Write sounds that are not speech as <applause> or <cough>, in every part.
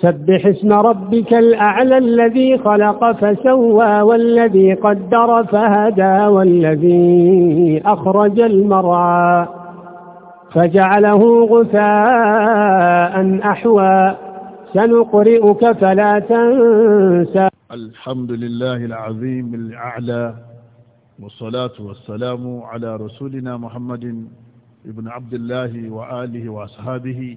سبح اسم ربك الأعلى الذي خلق فسوى والذي قدر فهدى والذي أخرج المرعى فجعله غثاء أحوى سنقرئك فلا تنسى الحمد لله العظيم الأعلى والصلاة والسلام على رسولنا محمد ابن عبد الله وآله وأصحابه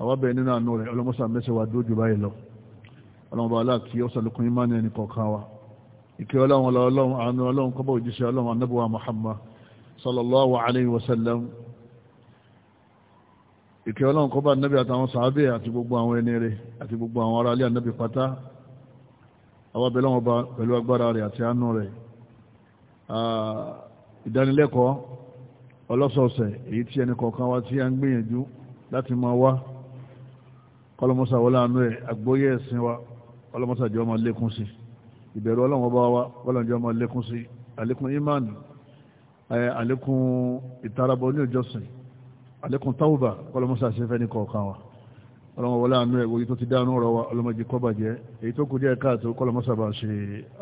àwọn bẹ̀rẹ̀ nínú àánú rẹ̀ ọlọ́mọ́sà mẹ́sẹ̀ wa dójú báyìí lọ ọlọ́mọba aláàkí ọ̀sàlùkún imáni ẹnì kọ̀ọ̀kan wa ìkẹ́ ọlọ́run ọlọ́run àánú ọlọ́run kọ́bọ̀ òjíṣẹ́ ọlọ́run anábọ̀wá Muhammad sallallahu alayhi wa sallam ìkẹ́ ọlọ́run kọ́bọ̀ anábì àtàwọn sàábì àti gbogbo àwọn ẹni rẹ̀ àti gbogbo àwọn ará ilé anábì pátá àwọn abẹ́lẹ́ wọn ba pẹ̀lú agbára rẹ̀ àti ìdánilẹ́kọ̀ọ́ ọlọ́sọ̀ọ̀sẹ̀ èyí tí ẹnì kọ̀ọ̀kan wa ti ń gbìyànjú láti máa wá kọlọmọsà wọlé àánú ẹ àgbóyè ẹsìn wa kọlọmọsà jọ máa lékún sí ìbẹ̀rù ọlọ́wọ́n bá wa kọlọmọsà jọ máa lékún sí àlékún imáàni àlékún ìtarabọ ní ìjọsìn àlékún táwùbà kọlọmọsà ṣe fẹ́ ní kọ̀ọ̀kan wa ọlọ́wọ́n wọlé àánú ẹ wòye tó ti dáhùn ọ̀rọ̀ wa ọlọ́mọdé kọ́bàjẹ́ èyí tó kù díẹ̀ káàtó kọlọmọsà bá ṣe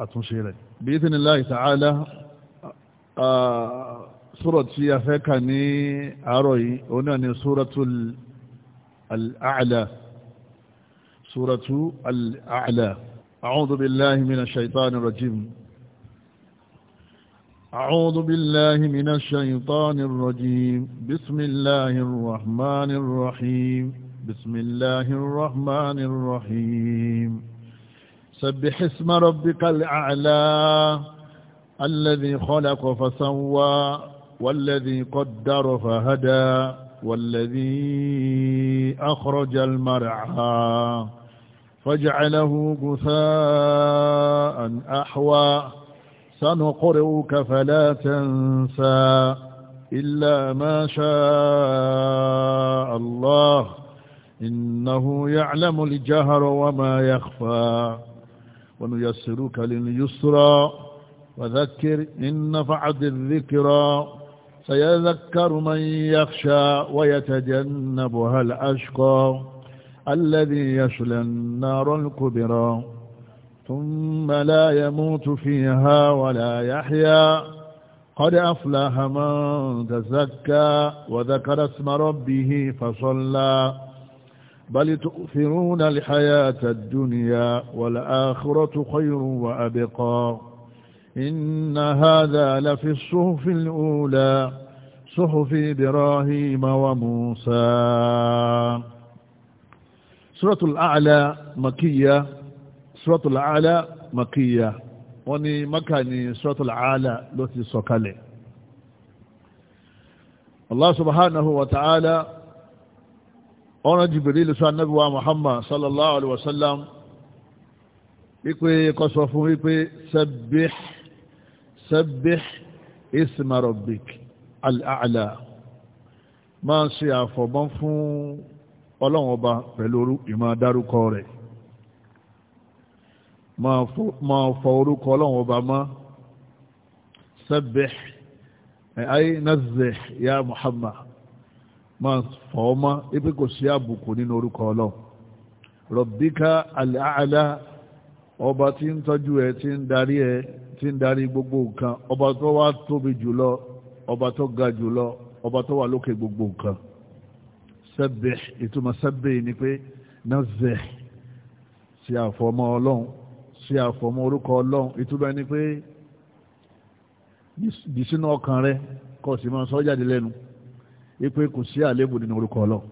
àtúnṣe rẹ̀ bí idhnillahi ta'ala sọ́rọ̀ tí a fẹ́ kà ní àárọ̀ yìí òun náà ni suratul A'la سورة الأعلى أعوذ بالله من الشيطان الرجيم أعوذ بالله من الشيطان الرجيم بسم الله الرحمن الرحيم بسم الله الرحمن الرحيم سبح اسم ربك الأعلى الذي خلق فسوى والذي قدر فهدى والذي أخرج المرعى فاجعله غثاء أحوى سنقرئك فلا تنسى إلا ما شاء الله إنه يعلم الجهر وما يخفى ونيسرك لليسرى وذكر إن نفعت الذكرى سيذكر من يخشى ويتجنبها الأشقى الذي يشل النار الكبرى ثم لا يموت فيها ولا يحيا قد أفلح من تزكى وذكر اسم ربه فصلى بل تؤثرون الحياة الدنيا والآخرة خير وأبقى إن هذا لفي الصحف الأولى صحف إبراهيم وموسى suratul a'la makiya suratul a'la makiya wọ́n ní maka ni suratul a'la ló ti sọ̀kalẹ̀ Allah subhanahu wa ta'ala ọ̀nà Jibril sọ annabi wa Muhammad sallallahu alaihi wasallam wípé kọsọ fún wípé sabbih sabbih isma rabbik ń ṣe àfọ̀mọ́ fún ọlọ́run ọba pẹ̀lú ìmọ̀ dárúkọ rẹ̀ máa fọ orúkọ ọlọ́run ọba mọ́ ayé ya Muhammad máa fọ ọmọ kò sí àbùkù nínú orúkọ ọlọ́run ọba tí ń tọ́jú ẹ tí gbogbo nǹkan ọba tó wá tóbi jùlọ ọba tó ga jùlọ ọba tó wà lókè gbogbo nǹkan sẹ́bẹ̀ ìtumọ̀ sẹ́bẹ̀ ni pé nazẹ̀ sí àfọmọ́ ọlọ́run sí àfọmọ́ orúkọ ọlọ́run ìtumọ̀ ni pé bí sínú ọkàn rẹ kọ́ sí máa sọ jáde lẹ́nu ipe kò sí àléébù nínú orúkọ ọlọ́run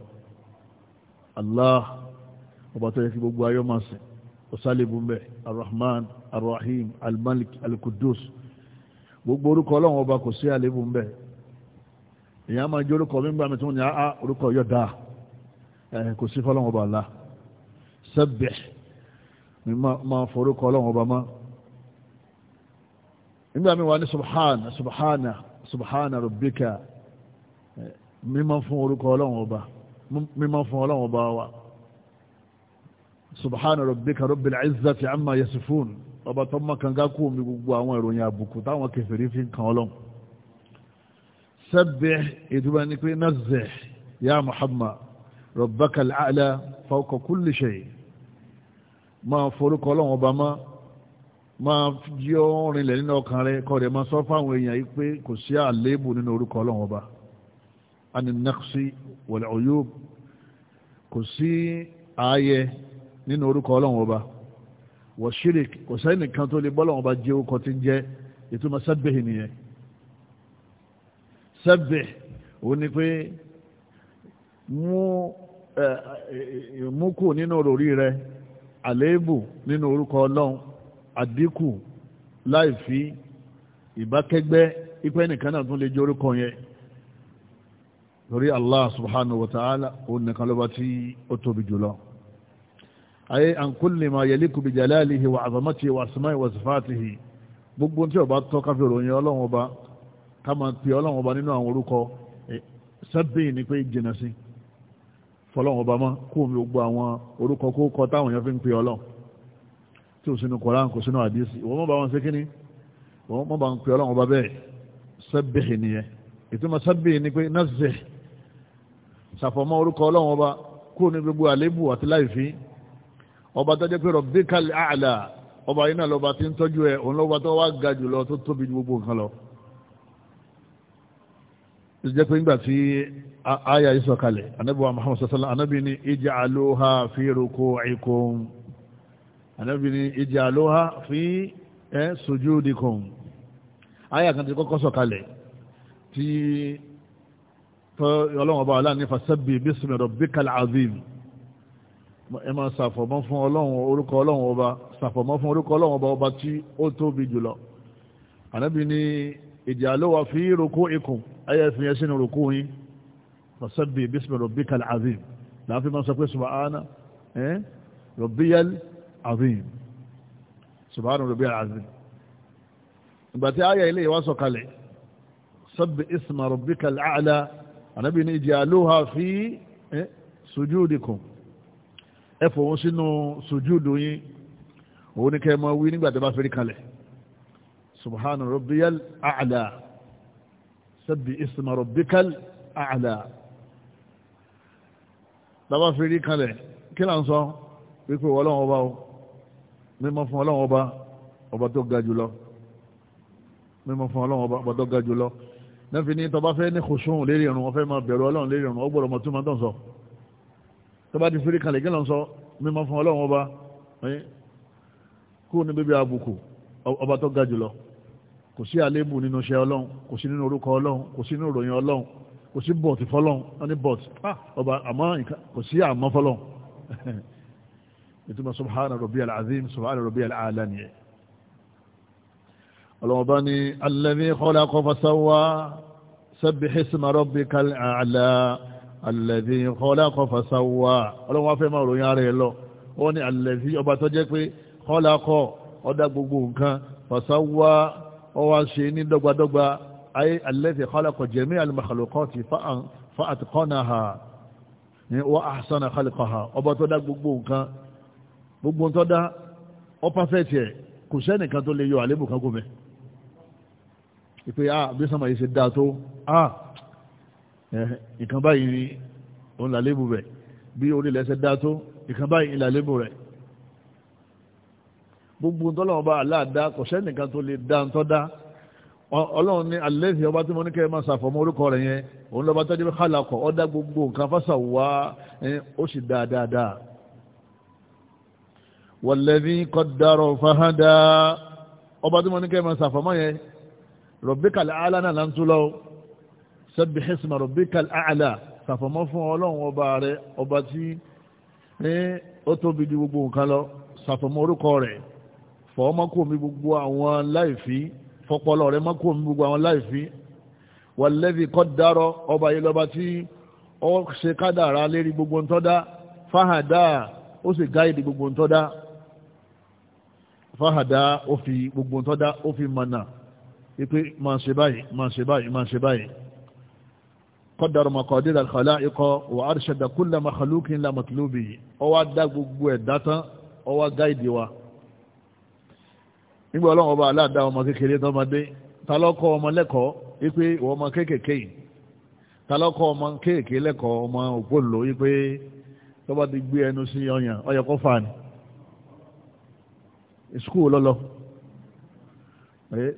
Allah ọba tó yẹ kí gbogbo ayọ́ máa sìn ọ̀sálẹ̀bù ń bẹ̀ arrahman almalik alkudus gbogbo orúkọ ọlọ́run ọba kò sí àléébù ń èyàn máa jẹ́ orúkọ mímú àmì tí wọ́n ní àá orúkọ yọ dáa kò sí fọ́lọ́wọ́ ọba àlá sẹ́bẹ̀ mi máa forúkọ ọlọ́wọ́ ọba má nígbà mi wà ní subhana subhana subhana rabbika mi máa fún orúkọ ọlọ́wọ́ ọba mi máa fún ọlọ́wọ́ ọba wa subhana rabbika rabbil izzati amma yasifun ọba tó mọ́ kanga kú mi gbogbo àwọn ìròyìn àbùkù táwọn kẹfẹ́rí fi ń ọlọ́wọ́ sẹ́bẹ̀ ìdúbà ní pé nazẹ̀ ya muhammad rabbakal a'la fawqa kulli shay máa forúkọ ọlọ́run ọba máa máa jí ó rinlẹ̀ nínú ọkàn rẹ kọ́ rẹ̀ máa sọ fáwọn èèyàn yìí pé kò sí àléébù nínú orúkọ ọlọ́run ọba ani naqsi wal uyub kò sí ààyè nínú orúkọ ọlọ́run ọba wọ̀ shirik kò sẹ́nìkan tó lè bọ́ ọlọ́run ọba jẹ́ ó kọ́ ti ń jẹ́ ètò masábẹ́hìn nìyẹn sẹ́bẹ̀ òun ni pé mú kù nínú òròrí rẹ àléébù nínú orúkọ ọlọ́run àdínkù láì fi ìbákẹ́gbẹ́ ipẹ́ nìkan náà tún lè jẹ́ orúkọ yẹn torí Allah subhanahu wa ta'ala òun nìkan ló bá tí ó tóbi jùlọ ayé an kulli ma yaliku bi jalalihi wa azamatihi wa asma'i wa gbogbo tí ó tọ́ káfíìrò ọlọ́run ọba Kama máa pe ọlọ́run ọba nínú àwọn orúkọ sábẹ́ ni pé jìnnà sí fọlọ́run ọba mọ́ kó omi gbogbo àwọn orúkọ kó kọ táwọn èèyàn fi ń pe ọlọ́run tí ò sínú Kùránì kò sínú àdísì wọ́n mọ̀ bá wọn ṣe kíní wọ́n mọ̀ bá ń pe ọlọ́run ọba bẹ́ẹ̀ sábẹ́ nìyẹn ìtumọ̀ sábẹ́ ni pé nàzẹ̀ ṣàfọ̀mọ́ orúkọ ọlọ́run kó ní gbogbo àlébù àti láìfín ọba tó jẹ́ pé rabbikal a'la ọba yìí náà lọ́ba tí ń tọ́jú ẹ̀ òun lọ́ba tó wá ga jùlọ tó tóbi gbogbo nǹkan lọ jẹ́ pé nígbà tí aya yìí sọ̀kalẹ̀ anábì wa muhammad sallallahu anábì ní ij'aluha fi ruku'ikum anábì ní ij'aluha fi sujudikum aya kan ti kọ́kọ́ sọ̀kalẹ̀ tí ọlọ́run ọba aláàní fasabbih bismi rabbikal azim ẹ máa ṣàfọ̀mọ́ fún ọlọ́run orúkọ fún orúkọ ọlọ́run ọba tí ó tóbi jùlọ anábì ní ìjàlówà fi rúkú ikùn ayé fi yẹn sínú rúkú yín fasabbih bismi rabbikal azim láàfin máa sọ pé subhana rabbiyal azim subhana rabbiyal azim ìgbà tí ayé ilé ìwá sọ kalẹ̀ sabbih isma rabbikal a'la ànábì ní ìjàlówà fi sujudikum ẹ fòun sínú sùjúdù yín òun ni kẹ́ ẹ máa wí nígbà tó bá fẹ́rí kalẹ̀ سبحان ربي الأعلى sabbi اسم ربك الأعلى lábá في rí kalẹ̀ kí là ń sọ wípé ọlọ́run ọba o mímọ́ fún ọlọ́run ọba ọba tó ga jùlọ mímọ́ fún ọlọ́run ọba ọba tó ga jùlọ nẹ́fì ní tọba fẹ́ ní kòṣùn lérí ìrùn ọ̀fẹ́ máa bẹ̀rù ọlọ́run lérí ìrùn ọgbọ̀rọ̀ mọ̀ túnmọ̀ tó ń sọ tọba ti firi kalẹ̀ gẹ́lọ́n sọ mímọ́ fún ọlọ́run ọba kú ní bíbí àbùkù ọba tó jùlọ kò sí àlébù nínú iṣẹ́ ọlọ́run kò sí nínú orúkọ ọlọ́run kò sí nínú ìròyìn ọlọ́run kò sí bọ̀tì fọlọ́run wọ́n ní bọ̀tì ah. ọba àmọ́ kò sí àmọ́ fọlọ́run <laughs> ìtumọ̀ subhana rabbiyal azim subhana rabbiyal ala nìyẹn. ọlọ́run bá ní alladhi khalaqa fasawwa sabbih isma rabbikal a'la alladhi khalaqa fasawwa ọlọ́run wá fẹ́ máa ròyìn ara ẹ̀ lọ wọ́n ní alladhi ọba tó jẹ́ pé khalaqa ó dá gbogbo nǹkan fasawwa ó wá ṣe ní dọ́gbadọ́gba ayé alẹ́fẹ̀ kọ́lákọ̀ jẹ́mí alìmọ̀kàlùkọ́ ti fa'atikọ́nà ha ní wọ́n àṣánà kọ́lákọ̀ ha ọba tó dá gbogbo nǹkan gbogbo tó dá ọ pàfẹ́tì ẹ̀ kò sẹ́nìkan tó lè yọ àlébù kan gómẹ̀ ìpé ah bí gbogbo tọ́lọ́wọ́ bá aláàdá kò sẹ́nìkan tó lè dá tọ́ dá ọlọ́run ní alẹ́sì ọba tí mo ní kẹ́ ẹ máa ṣàfọ̀mọ́ orúkọ rẹ̀ yẹn òun lọ́ba tọ́jú bí kálakọ̀ ó dá gbogbo nǹkan fásà wá ó sì dá dáadáa. wọ̀lẹ́bí kọ́dárọ̀ fahadà ọba tí mo ní kẹ́ máa ṣàfọ̀mọ́ yẹn rọ̀bíkàl àlà náà là ń tún lọ sẹ́bi hẹ́sìmọ̀ rọ̀bíkàl àlà ṣàfọ̀mọ́ fún ọlọ́run ọba rẹ̀ ọba tí ó tóbi ju gbogbo nǹkan lọ ṣàfọ̀mọ́ orúkọ rẹ̀ fọwọ́ mọ́kò mi gbogbo àwọn láìfí fọpọlọ rẹ mọ́kò mi gbogbo àwọn láìfí wàlẹ́bí kọ́ dárọ́ ọba yìí lọ́ba tí ó ṣe kádàrá lérí gbogbo ń tọ́dá fáhàdá ó sì gáìdì gbogbo ń tọ́dá fáhàdá ó fi gbogbo ń tọ́dá ó fi mọ̀nà ipe máa ṣe báyìí máa ṣe báyìí máa ṣe báyìí قدر مقادير الخلائق وأرشد كل مخلوق إلى مطلوبه ó wá dá gbogbo ẹ̀dá tán ó gáìdì wa nígbà ọlọ́run ọba aláàdá ọmọ kékeré tọmọdé ta lọ́kọ́ ọmọ lẹ́kọ̀ọ́ wípé ìwọ ọmọ kéékèèké yìí ta lọ́kọ́ ọmọ kéékèèké lẹ́kọ̀ọ́ ọmọ òpólò wípé tọ́ba ti gbé ẹnu sí ọyàn ọyàn kọ́ fàánì sukuu lọ́lọ́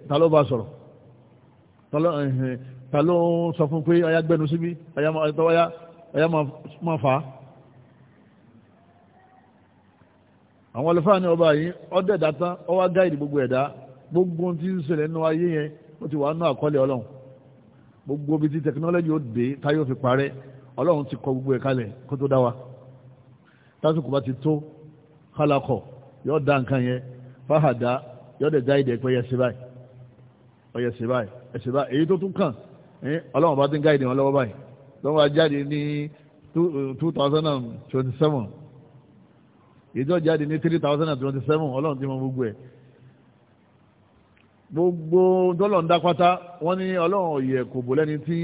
ta ló bá sọ̀rọ̀ ta ló sọ fún pé ọyá gbẹnu síbí ọyá máa fà á. àwọn ọlọ́fà ní ọba yìí ọdẹ dátán ọwá gáìdì gbogbo ẹ̀dá gbogbo tí ń ṣẹlẹ̀ nínú ayé yẹn ó ti wà nínú àkọọ́lẹ̀ ọlọ́run gbogbo bí ti tẹkinọ́lọ́jì ó dé táyé ó fi parẹ́ ọlọ́run ti kọ gbogbo ẹ̀ kalẹ̀ kó tó dá wa tásìkò bá ti tó kálákọ̀ yóò dá nǹkan yẹn fáhàdá yóò dẹ̀ gáìdì ẹ̀ pé yẹ ṣe báyìí ọyẹ ṣe báyìí ẹ ṣe báyìí èyí tó tún kàn eh, two thousand ìjọ jáde ní three thousand and twenty seven ọlọ́run ti mọ gbogbo ẹ̀ gbogbo dọ́lọ̀ ń dápátá wọ́n ní ọlọ́run ọ̀yẹ̀ kò bò lẹ́ni tí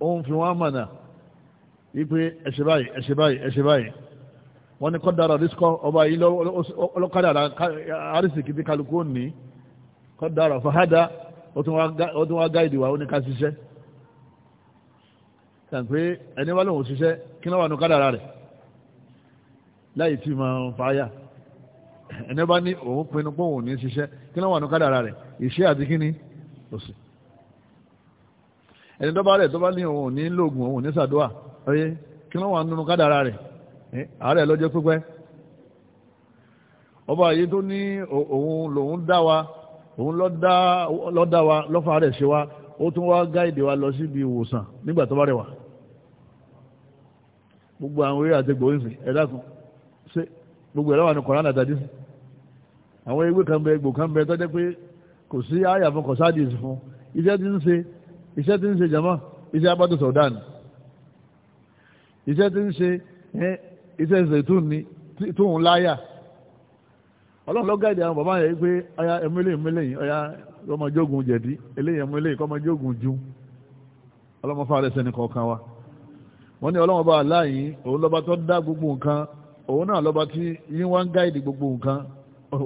ó ń fi wọ́n mọ̀nà wípé ẹ̀ṣẹ̀ báyìí ẹ̀ṣẹ̀ báyìí ẹ̀ṣẹ̀ báyìí wọ́n ní kọ́dára rísíkọ́ ọba yìí lọ́kọ́dára àrísìkì tí kálukú ní kọ́dára fàhádà ó tún wá gáìdì wa ó ní ká ṣiṣẹ́ láì tí máa ń fàáyà ẹni bá ní òun pinnu pé òun ní ṣiṣẹ́ kí ló wà ní kádàrà rẹ̀ iṣẹ́ àti kíní òsì ẹni tó bá rẹ̀ tó bá ní òun ní lóògùn òun ní sàdúà ọyẹ kí ló wà nínú kádàrà rẹ̀ ààrẹ lọ́jọ́ pípẹ́ ọba yìí tó ní òun lòun dá wa òun lọ́dá wa lọ́fà rẹ̀ ṣe wa ó tún wá gáìdì wa lọ síbi ìwòsàn nígbà tó bá rẹ̀ wà gbogbo àwọn eré àti gbòóyìn ẹ̀dákun gbogbo ẹ̀rọ wà ní kọ̀rán àtàdí àwọn ewé kan bẹ egbò kan bẹ tọ́jẹ́ pé kò sí àyà fún kọ̀sádìs fún iṣẹ́ tí ń ṣe iṣẹ́ jama iṣẹ́ abadu sọ̀dán iṣẹ́ tí ń ṣe iṣẹ́ ni láyà ọlọ́run àwọn bàbá yẹn pé ọya eléyìí eléyìí ọya jẹ̀dí eléyìí eléyìí ju wa wọ́n ní ọlọ́run bá òun lọ́ba tó òun náà lọ́ba tí yín wá ń gáìdì gbogbo nǹkan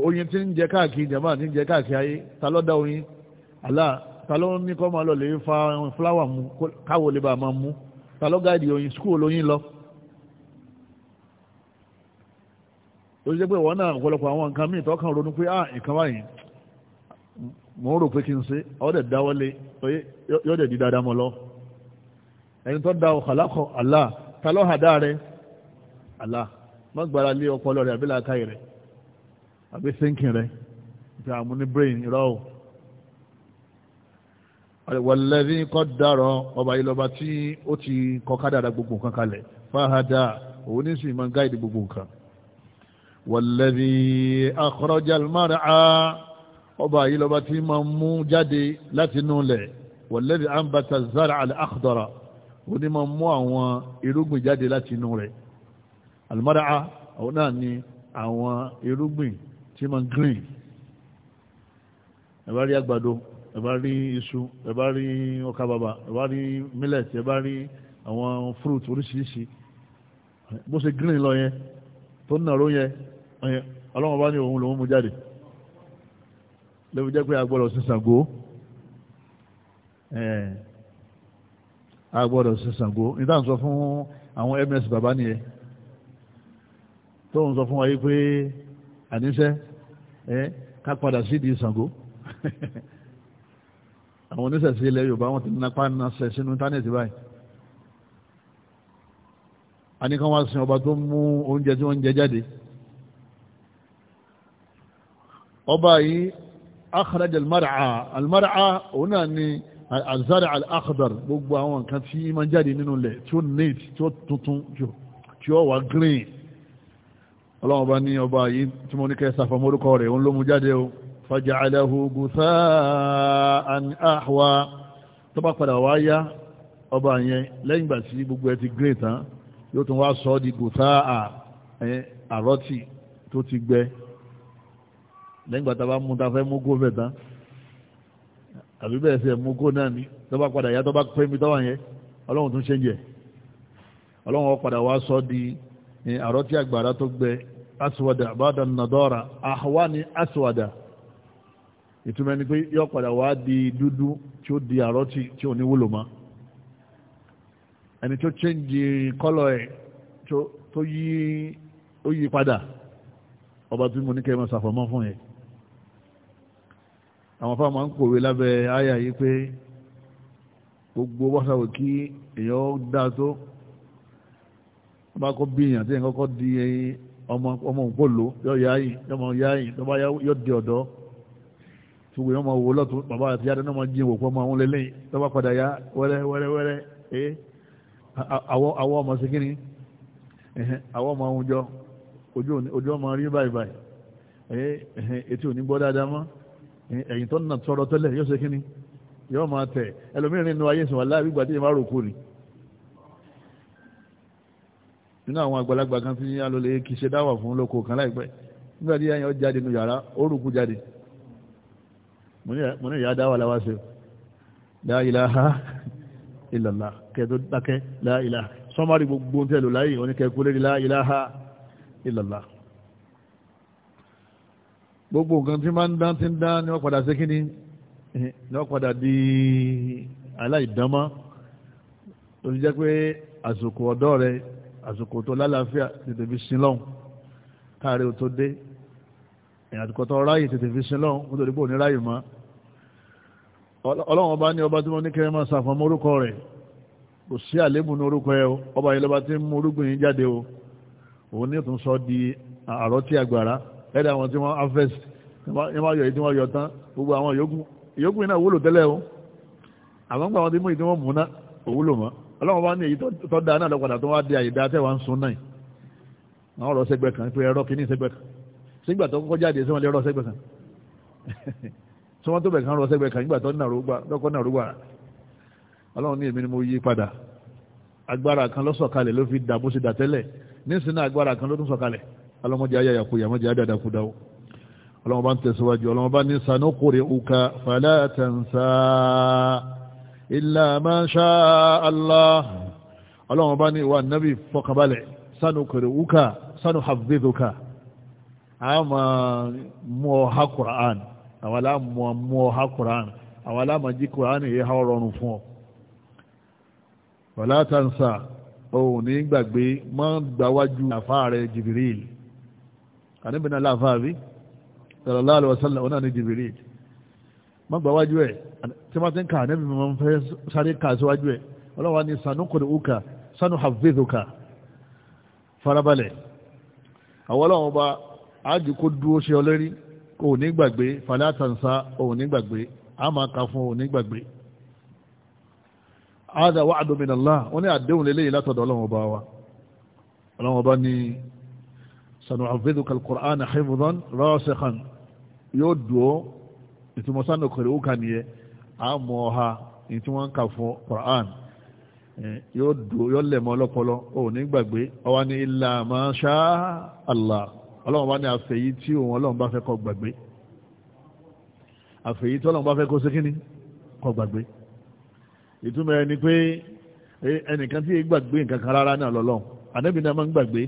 oyin tí ń jẹ káàkiri jama ní jẹ káàkiri ayé ta ló dá oyin àlá ta ló ní kọ́ máa lọ lè fa fúláwà mu káwo lè bá máa mú ta ló gáìdì oyin skul oyin lọ. ó ṣe pé ìwọ náà ọ̀pọ̀lọpọ̀ àwọn nǹkan míì tó kàn ronú pé ah nǹkan báyìí mo rò pé kí n ṣe dáwọ́lé yóò dẹ̀ di dáadáa mọ́ lọ ẹni tó da àlá ta àlá. má gbára lé ọpọlọ rẹ̀ àbí làákàyè rẹ̀ àbí thinking rẹ̀ bí àmú ní brain irọ́ o wàlẹ́rí kọ́ dárọ̀ ọba ìlọba tí ó ti kọ kádàrà gbogbo nǹkan kalẹ̀ fáhádà òun ní sì máa gáìdì gbogbo nǹkan wàlẹ́rí akọ́rọ́jà mara ọba ìlọba tí máa mú jáde láti inú lẹ̀ wàlẹ́rí ambata zara al-akhdara òun ní máa mú àwọn irúgbìn jáde láti inú rẹ̀ àlùmọ́dáà àwọn náà ni àwọn irúgbìn tí máa green ẹ bá rí àgbàdo ẹ bá rí iṣu ẹ bá rí ọkà bàbà ẹ rí millet ẹ bá rí àwọn fruit oríṣiríṣi bó ṣe green lọ yẹn tó ń nàró yẹn ọlọ́wọ́n bá ní òun lòún mú jáde lẹ́bi jẹ́ pé a gbọ́dọ̀ sí Ṣàngó a gbọ́dọ̀ sí Ṣàngó nígbà tó sọ fún àwọn ms bàbá nìyẹn tó ń sọ fún wa yí pé àníṣẹ́ ẹ ká padà sídìí Ṣàngó <laughs> àwọn oníṣẹ̀ṣe ilẹ̀ Yorùbá wọn ti nípa náṣẹ̀ sínú íńtánẹ́ẹ̀tì báyìí a ní kán wá sin ọba tó mú oúnjẹ tí wọ́n ń jẹ jáde ọba yìí akhraj almar'a almar'a òun náà ni azara al gbogbo àwọn nǹkan tí ma jáde nínú ilẹ̀ tí ó neat tí ó tuntun tí ó wà green ọlọ́run bá ní ọba yìí tí mo ní kẹsà fọmọ́rúkọ rẹ̀ òun ló mú jáde o faja'alahu gusa'an ahwa tó bá padà wá yá ọba yẹn lẹ́yìn ìgbà tí gbogbo ẹ ti gré tán yóò tún wá sọ di gusa'a àrọ́tì tó ti gbẹ lẹ́yìn ìgbà tá mú ta mú gó fẹ̀ tán àbí bẹ́ẹ̀ sẹ́ mú gó náà ni tó bá padà yá tó bá pẹ́ mi tọ́wọ́ yẹn ọlọ́run tún ṣe àrọ́ tí àgbàrá tó gbẹ aswada bada nadọ́ra àwa ni aswada ìtumọ̀ ni pé yọ padà wá di dúdú tí ó di àrọ́ tí ò ní wúlò mọ́ ẹni tó chẹ́ǹjì kọ́lọ̀ ẹ̀ tó yí ó yí padà ọba tí mo ní kẹ́ ẹ máa ṣàfọ̀mọ́ fún yẹn àwọn fáwọn máa ń kòwé lábẹ́ àyà yìí pé gbogbo wọ́sàwò kí èèyàn dá tó bá kó bíyàn tí nǹkan kọ́ di ọmọ òpólò yọ yáyìn yọmọ yáyìn tó bá yọ di ọ̀dọ́ tó wù yọmọ wò lọ́tún bàbá àti yáda náà jí wò pọ́ ọmọ òun lélẹ́yìn tó bá padà yá wẹ́rẹ́ wẹ́rẹ́ wẹ́rẹ́ ee àwọ ọmọ sí kíni àwọ ọmọ òun jọ ojú ọmọ rí báyìí báyìí ee etí ò ní gbọ́ dáadáa mọ́ ẹ̀yìn tó nà tọrọ tẹ́lẹ̀ yóò ṣe kíni yọ ọmọ tẹ̀ ẹlòmíràn nínú ayé ìsìn wà láàbí gbàdéyìn má rò kú ni nínú àwọn àgbàlagbà kan tí alólè kì í ṣe dáwà fún lóko kan láìpẹ́ nígbà tí ẹyàn jáde nínú yàrá orúkú jáde mo ìyá dáwà láwá ṣe la ilaha illallah kẹtó dákẹ́ la ilaha sọmárì gbogbo tẹ́lò láyé oníkẹ́kú la ilaha illallah gbogbo nǹkan tí máa ń dán tí ń dán di aláìdánmọ́ tó ti jẹ́ pé àsòkò ọ̀dọ́ rẹ̀ àsìkò tó lálàáfíà tètè fi sin lọ́hùn káàrí o tó dé èèyàn àti kọ́tọ́ ráyè tètè fi sin lọ́hùn nítorí pé ò ní ráyè mọ́ ọlọ́run ọba ní ọba tí wọ́n ní kẹrẹ́mọ́ sàfọ́mọ́ orúkọ rẹ̀ kò sí àlébù ní orúkọ ẹ ọba yìí lọ́ba tí ń mú orúgbìn yìí jáde o òun ní ìtún di àrọ́tí àgbàrá ẹ̀dá àwọn tí wọ́n harvest ní wọ́n yọ èyí tí wọ́n yọ tán gbogbo àwọn yòókù yòókù náà wúlò tẹ́lẹ̀ o àwọn gbà wọn ti mú ìdí wọn mú ná òwúlò mọ́ ọlọ́run wá ní èyí tó dáa náà lọ́padà tó wá di àyè dáa tẹ́wàá ń sun náà àwọn ọ̀rọ̀ sẹ́gbẹ̀ kan pé ẹ̀rọ kìíní sẹ́gbẹ̀ kan sígbà tó kọ́kọ́ jáde sí wọn lè rọ sẹ́gbẹ̀ kan <laughs> tí wọ́n tó bẹ̀ kan rọ sẹ́gbẹ̀ kan nígbà tó lọ́kọ́ náà rúgbà ọlọ́run ní èmi ni mo yí padà agbára kan ló sọ̀kalẹ̀ ló fi dà bó ṣe dà tẹ́lẹ̀ nísìnyí agbára kan ló tún sọ̀kalẹ̀ ọlọ́mọdé ayáyàkuyà mọ́jẹ adàdàkudà ọlọ́run bá ń tẹ̀síwájú ọlọ́run bá ní sanukuri uka falatansa illa ma sha Allah ọlọ́run bá ní ìwà nábì fọkànbalẹ̀ sanu kìrìwúkà sanu hafidhuka a máa mú ọ ha Qur'an àwọn aláàmú mú ọ ha Qur'an àwọn aláàmú jí Qur'an yìí ha ọrọrùn fún ọ wala tansa òun ní gbàgbé máa ń gbàwájú àfáà rẹ Jibril àníbìnrin aláàfáà rí wasallam òun ní Jibril máa gbàwájú ẹ̀ tí wọ́n ti ń kà nẹ́bí mi máa ń fẹ́ sáré kà síwájú ẹ̀ ọlọ́wà ni sanukuri uka sanu hafizuka farabalẹ̀ àwọn ọlọ́wọ́n bá ájì kó dúró ṣe ọlẹ́rí kò ní gbàgbé falatansa ò ní gbàgbé a máa ka fún ò ní gbàgbé ádà wa'du min Allah wọ́n ní àdéhùn lélẹ́yìn látọ̀dọ̀ ọlọ́wọ́n bá wa ọlọ́wọ́n bá ní sanu hafizuka al-Qur'ana hifzan rasikhan yóò dúró ìtumọ̀ sanukuri uka nìyẹn àmọ́ ọha ní tí wọ́n ń kà fún Quran yóò dùn yóò mọ́ ọlọ́pọlọ ò ní gbàgbé ọwá ní ilà máa ṣá Allah ọlọ́run bá ní àfẹ́yí tí òun ọlọ́run bá fẹ́ kó gbàgbé àfẹ́yí tí ọlọ́run bá fẹ́ kó ṣe kíní kó gbàgbé ìtumọ̀ ẹni pé ẹnìkan tí gbàgbé nǹkan kan rárá náà lọ́lọ́run ànábì náà máa ń gbàgbé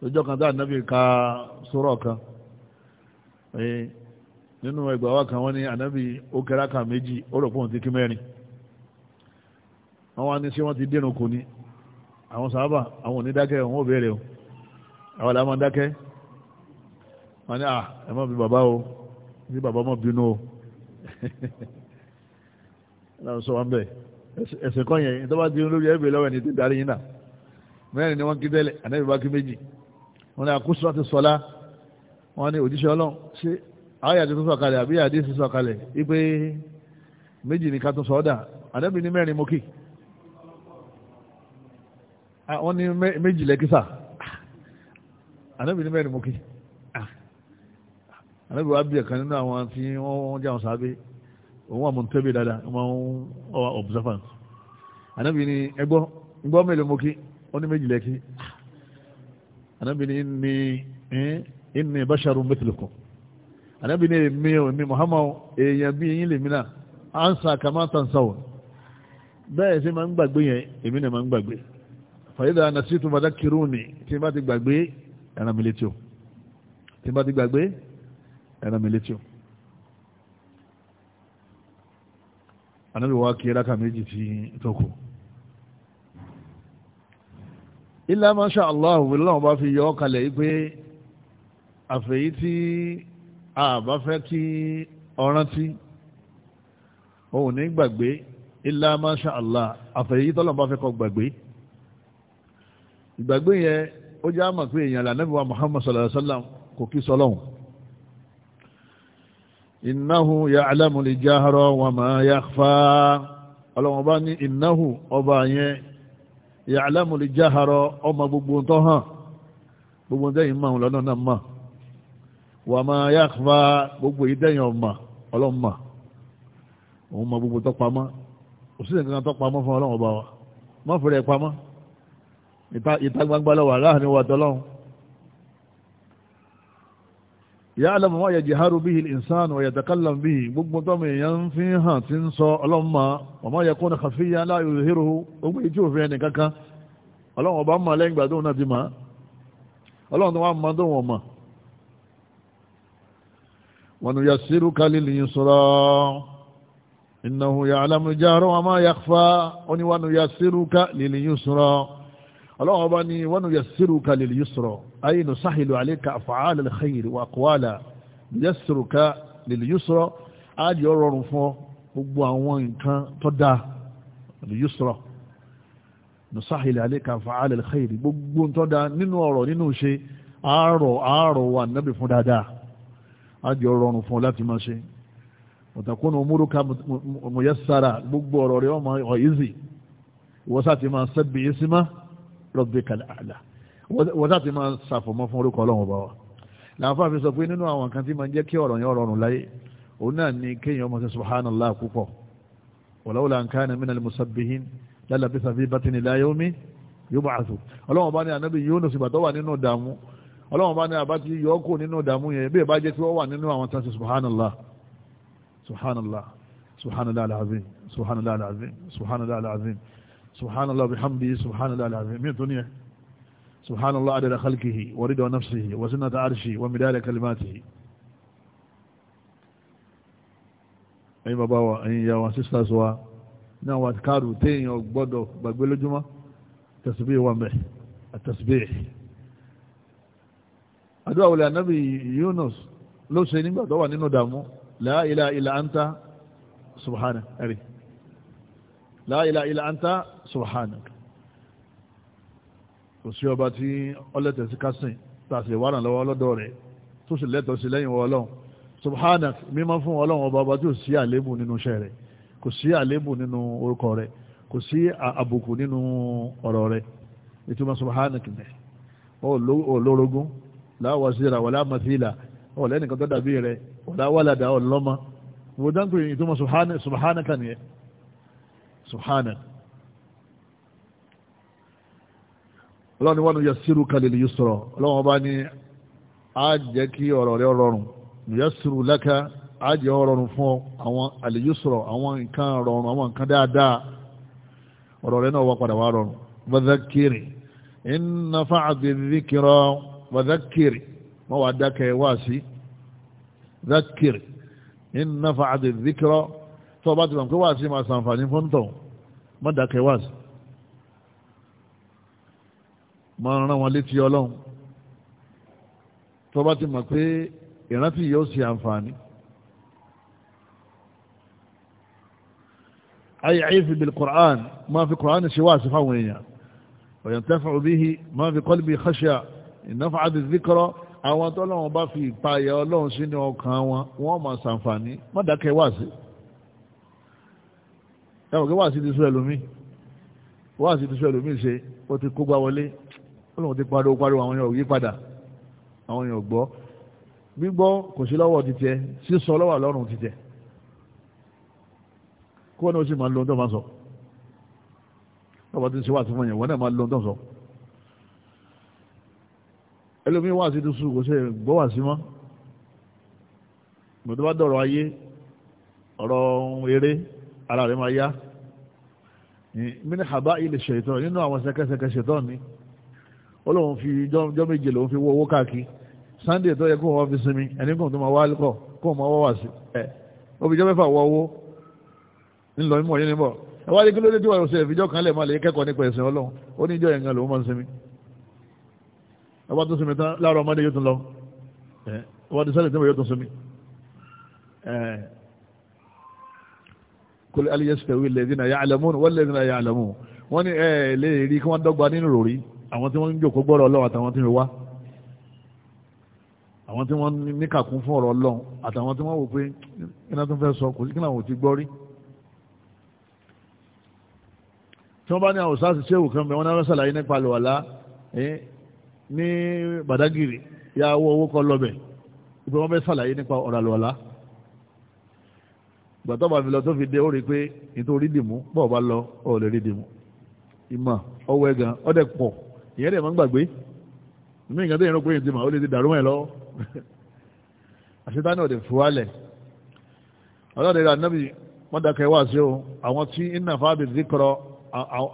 lọ́jọ́ kan tá ànábì ka sórọ̀ kan nínú ẹgbà wá kan wọ́n ní ànábì ó kẹ́rà kà méjì ó rò pọ̀ ti kí mẹ́rin wọ́n wá ní sí wọ́n ti dẹ̀rùn kò ní àwọn sàábà àwọn onídákẹ́ wọn ò bẹ̀rẹ̀ o àwọn làwọn dákẹ́ wọ́n ní à ẹ má bí bàbá o bí bàbá má bínú o láwọn <laughs> sọ wọn bẹ̀ ẹsẹ̀ kọ́ yẹn tó bá di olórí ẹ̀bẹ̀ lọ́wọ́ ẹni tó darí yín náà mẹ́rin ni wọ́n kí tẹ́lẹ̀ ànábì bá kí méjì wọ́n ní àkóso àti sọlá wọ́n ní òjíṣẹ́ ọlọ́run ayé àti tó sọ̀kalẹ̀ àbí àdísì sọ̀kalẹ̀ wípé méjì ní ká tó sọ́ọ́dà àdẹ́bì ní mẹ́rin mókè wọ́n ní méjì lẹ́kísà àdẹ́bì ní mẹ́rin mókè àdẹ́bì wá bí ẹ̀kan nínú àwọn tí wọ́n jẹ́ àwọn sábẹ́ òun wà mọ̀ tẹ́bẹ̀ dáadáa wọ́n wà observant àdẹ́bì ní ẹgbọ́ ẹgbọ́ mélòó mókè wọ́n ní méjì lẹ́kí àdẹ́bì ní ní basharun mithlukum ànábì ne èmi ò èmi muhammadu èèyàn yi yín lèmi náà à ń sa kàmá tansáwò bẹ́ẹ̀ sí máa ń gbàgbé yẹn èmi náà máa ń gbàgbé fàyídà nàṣítù ya na ni tí bá ti gbàgbé ẹ̀ràn mi létí o tí bá ti gbàgbé ẹ̀ràn mi létí o. wa kí fi yọ ọ́ kalẹ̀ yìí pé àfẹ́yí àbá fẹ́ kí ọrántí òun ní gbàgbé ilá masha Allah àfẹ̀yí tọ́lọ̀ bá fẹ́ kọ gbàgbé ìgbàgbé yẹn ó jẹ́ àmà pé èèyàn lànàbí wa Muhammad sallallahu alaihi wasallam kò kí sọlọ́hùn innahu ya'lamu al-jahra wa ma yakhfa ọlọ́wọ́n bá ní innahu ọba yẹn ya'lamu al-jahra ọmọ gbogbo tó hàn gbogbo tẹ́yìn máa lọ́nà náà máa wà máa yá àkùnfà gbogbo yìí dẹ́yìn ọ̀mà ọlọ́mà òun mọ gbogbo tó pamọ́ òṣìṣẹ́ nǹkan tó pamọ́ fún ọlọ́run ọba wa má fẹ́rẹ̀ pamọ́ ìta gbangba lọ́wọ́ aláàánú wa tọ́lọ́run ya'lamu ma yajharu bihi al-insanu wa yatakallamu bihi gbogbo tọ́mọ èèyàn fi hàn tí ń sọ ọlọ́mà wa ma yakunu khafiyyan la yuzhiruhu gbogbo ìjì òfin ẹnì kankan ọlọ́run ọba mọ̀ lẹ́yìn gbàdúrà náà ti mọ̀ ọlọ́run tó wà mọ̀ ونيسرك لليسرى إنه يعلم الجهر وما يخفى ونيسرك لليسرى الله أباني ونيسرك لليسرى أي نسهل عليك أفعال الخير وأقوال نيسرك لليسرى أجي أرون فو gbogbo àwọn nǹkan tó dáa lèyúsọ̀rọ̀ nùsáhìlì àlékà fa'alẹ̀ alkhairi gbogbo tó dáa nínú ọ̀rọ̀ nínú ṣe àárọ̀ àárọ̀ wà nábì fún dáadáa àjọ rọrùn fún ọ láti máa ṣe ọ̀tàkùnà múrúkà mọ̀yẹ́sára gbogbo ọ̀rọ̀ rẹ̀ ọmọ ọ̀yízì wọ́sá ti máa sẹ́bì yìí símá rọ̀bì kalẹ̀ àlà wọ́sá ti máa sàfọ̀mọ́ fún orúkọ ọlọ́run ọba wa làáfà fi sọ pé nínú àwọn kan tí máa jẹ́ kí ọ̀rọ̀ yẹn rọrùn láyé òun náà ni kéèyàn ọmọ sí subhanallah púpọ̀ wọ̀láwọ̀lá nǹkan ní mìíràn musabihin lálàbí sàfi bàtìní omi yóò bá àtò ọlọ́run ọba ní anábì yóò nù sígbà tó wà nínú ìdààmú ọlọ́run bá ní àbá ti yọ ọ́ kò nínú ìdààmú yẹn bí ẹ bá jẹ́ tí wọ́n wà nínú àwọn tán sí subhanallah subhanallah subhanallah alazim subhanallah alazim subhanallah alazim subhanallah bihamdi subhanallah alazim mi tún yẹ subhanallah adada khalqihi wa rida nafsihi wa zinata arshi wa midada kalimatihi ẹ̀yin bàbá wa ẹ̀yin ìyá wa sisters wa ní àwọn àtikáàrù téèyàn gbọ́dọ̀ gbàgbé lójúmọ́ tasbih wa mẹ́ àtasbih àdúrà wọlé anábì Yunus ló ṣe nígbà tó wà nínú dààmú la ilaha illa anta subhana ẹ̀rì la ilaha illa anta subhana kò sí ọba tí ọlẹ́tẹ̀ sí kásìn tàṣì wàràn lọ́wọ́ ọlọ́dọ̀ rẹ̀ tó sì lẹ́tọ̀ sí lẹ́yìn ọlọ́run subhana mímọ́ fún ọlọ́run ọba ọba tí ò sí àlébù nínú iṣẹ́ rẹ̀ kò sí àlébù nínú orúkọ rẹ̀ kò sí àbùkù nínú ọ̀rọ̀ rẹ̀ ìtumọ̀ subhana kìnnẹ̀ olórogún láwọ̀ síra wà láàmàfíìlà ọ̀lẹ́ nìkan tó dàbí rẹ̀ ọ̀láwàlàdà ọ̀lọ́mọ wọ́n dáńkù yìí tó mọ̀ subhana kan yẹ subhana ọlọ́run ni wọ́n nu yasiru kalil yusra ọlọ́run ọba ni a jẹ́ kí ọ̀rọ̀ rẹ̀ rọrùn yasiru laka a jẹ́ ọ̀rọ̀rùn fún àwọn àlèyúsọ̀rọ̀ àwọn ọ̀rọ̀ rẹ̀ rọrùn wàdákìrì wọ́n wà dákẹ́ wá sí dákìrì ní náfà àti zikirọ́ tó bá ti mọ̀ pé wá sí máa sàǹfààní fún tọ̀ má dákẹ́ wá sí máa rán wọn létí ọlọ́run tó bá ti mọ̀ pé ìrántí yóò ṣe àǹfààní. أي عيف بالقرآن ما في قرآن سواه سفاوية وينتفع به ما في قلبي خشية ìnáfà àti zikọ́rọ́ àwọn tọ́lọ́wọ́n bá fi ìpayà ọlọ́run sínú ọkàn wọn wọ́n máa ṣàǹfààní mọ́dàkẹ́ wà sí ẹ̀wọ̀n kí wà sí ti sọ ẹlòmí wà sí ti sọ ẹlòmí ṣe ó ti kó gbá wọlé ọlọ́run ti pariwo pariwo àwọn èèyàn ò yí padà àwọn èèyàn gbọ́ gbígbọ́ kò sí lọ́wọ́ ti tiẹ̀ sísọ lọ́wọ́ ọlọ́run ti tiẹ̀ kí wọ́n ní ó sì máa lo ohun tó máa sọ lọ́wọ́ ti ń ṣe wà sí fún yẹn wọ́n náà máa lo ohun tó ń sọ ẹlòmíín wà sí tuntun kò ṣe gbọ́ wà sí mọ́ gbọ́dọ̀ bá dọ̀rọ̀ ayé ọ̀rọ̀ eré ara rẹ̀ máa yá mini ilé ṣètò nínú àwọn sẹ́kẹ́sẹ́kẹ́ ṣètò ni ó lóun fi jọ́ méje lòun fi wọ́ owó káàkiri sunday tó yẹ kó wọ́n fi sinmi ẹni kò tó máa wá lọ́kọ̀ kó máa wọ́ wà sí ẹ̀ ó fi jọ́ mẹ́fà wọ́ owó ńlọ mímọ̀ yín níbọ̀ ẹ wá lé kí ló dé tí wọ́n ṣe ìfijọ́ kan lẹ̀ máa lè kẹ́kọ̀ọ́ nípa ẹ̀sìn ọlọ́run ó ní ìjọ yẹn gan lòun máa ń sinmi ọba tó sinmi tán láàárọ̀ ọmọdé yóò tún lọ ọba tó sẹ́lẹ̀ tí wọ́n yóò tún sinmi kul hal yastawi alladhina ya'lamun walladhina la ya'lamun wọ́n ní ẹ̀ lè rí kí wọ́n dọ́gba nínú rò rí àwọn tí wọ́n ń jòkó gbọ́rọ̀ ọlọ́run àtàwọn tí ń wá àwọn tí wọ́n ní kàkún fún ọ̀rọ̀ ọlọ́run àtàwọn tí wọ́n wò pé iná tó fẹ́ sọ kò sí kí làwọn ò ti gbọ́ rí tí wọ́n bá ní àwọn òṣàṣìṣẹ́ òkan bẹ̀ wọ́n náà sàlàyé ní Badagiri ya owó owó kọ lọ́bẹ̀ ibi wọ́n fẹ́ sàlàyé nípa ọ̀rọ̀ àlọ́lá ìgbà tó bá fi lọ tó fi dé ó rí i pé nítorí dìmú bọ́ọ̀ bá lọ ó lè rí dìmú ìmọ̀ ọwọ́ ẹ̀gàn ọ̀dẹ̀ pọ̀ ìyẹn dẹ̀ máa ń gbàgbé ní ìgbà tó yẹn ló pé ìdìmọ̀ ó lè ti dàrú mọ́ ẹ̀ lọ́wọ́ <laughs> àṣetánì ọ̀dẹ̀ fúwálẹ̀ ọlọ́dẹ̀ rẹ̀ ànábì wọ́n dákẹ́ wá sí o àwọn tí iná fábì zikọrọ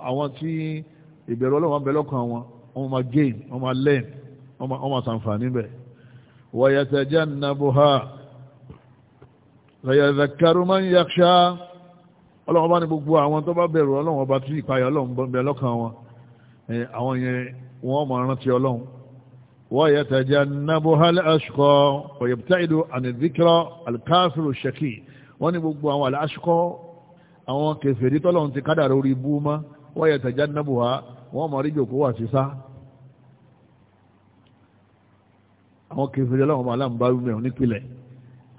àwọn tí ìbẹ̀rù ọlọ́wọ́n bẹ lọ́kàn wọn wọ́n máa gain wọ́n máa learn wọ́n máa sànfàní bẹ̀ wa yatajannabuha sayadhakkaru man yakhsha ọlọ́wọ́n bá ní gbogbo àwọn tó bá bẹ̀rù ọlọ́wọ́n bá tí ìpayà ọlọ́wọ́n bẹ̀ lọ́kàn wọn àwọn yẹn wọ́n máa rántí ọlọ́wọ́n wa yatajannabuha al-ashqa wa yabta'idu 'an adh wọ́n mọ̀ rí jòkó wà sí sá àwọn kèfèrè ọlọ́run máa láàmú bá rú mẹ́rin nípìnlẹ̀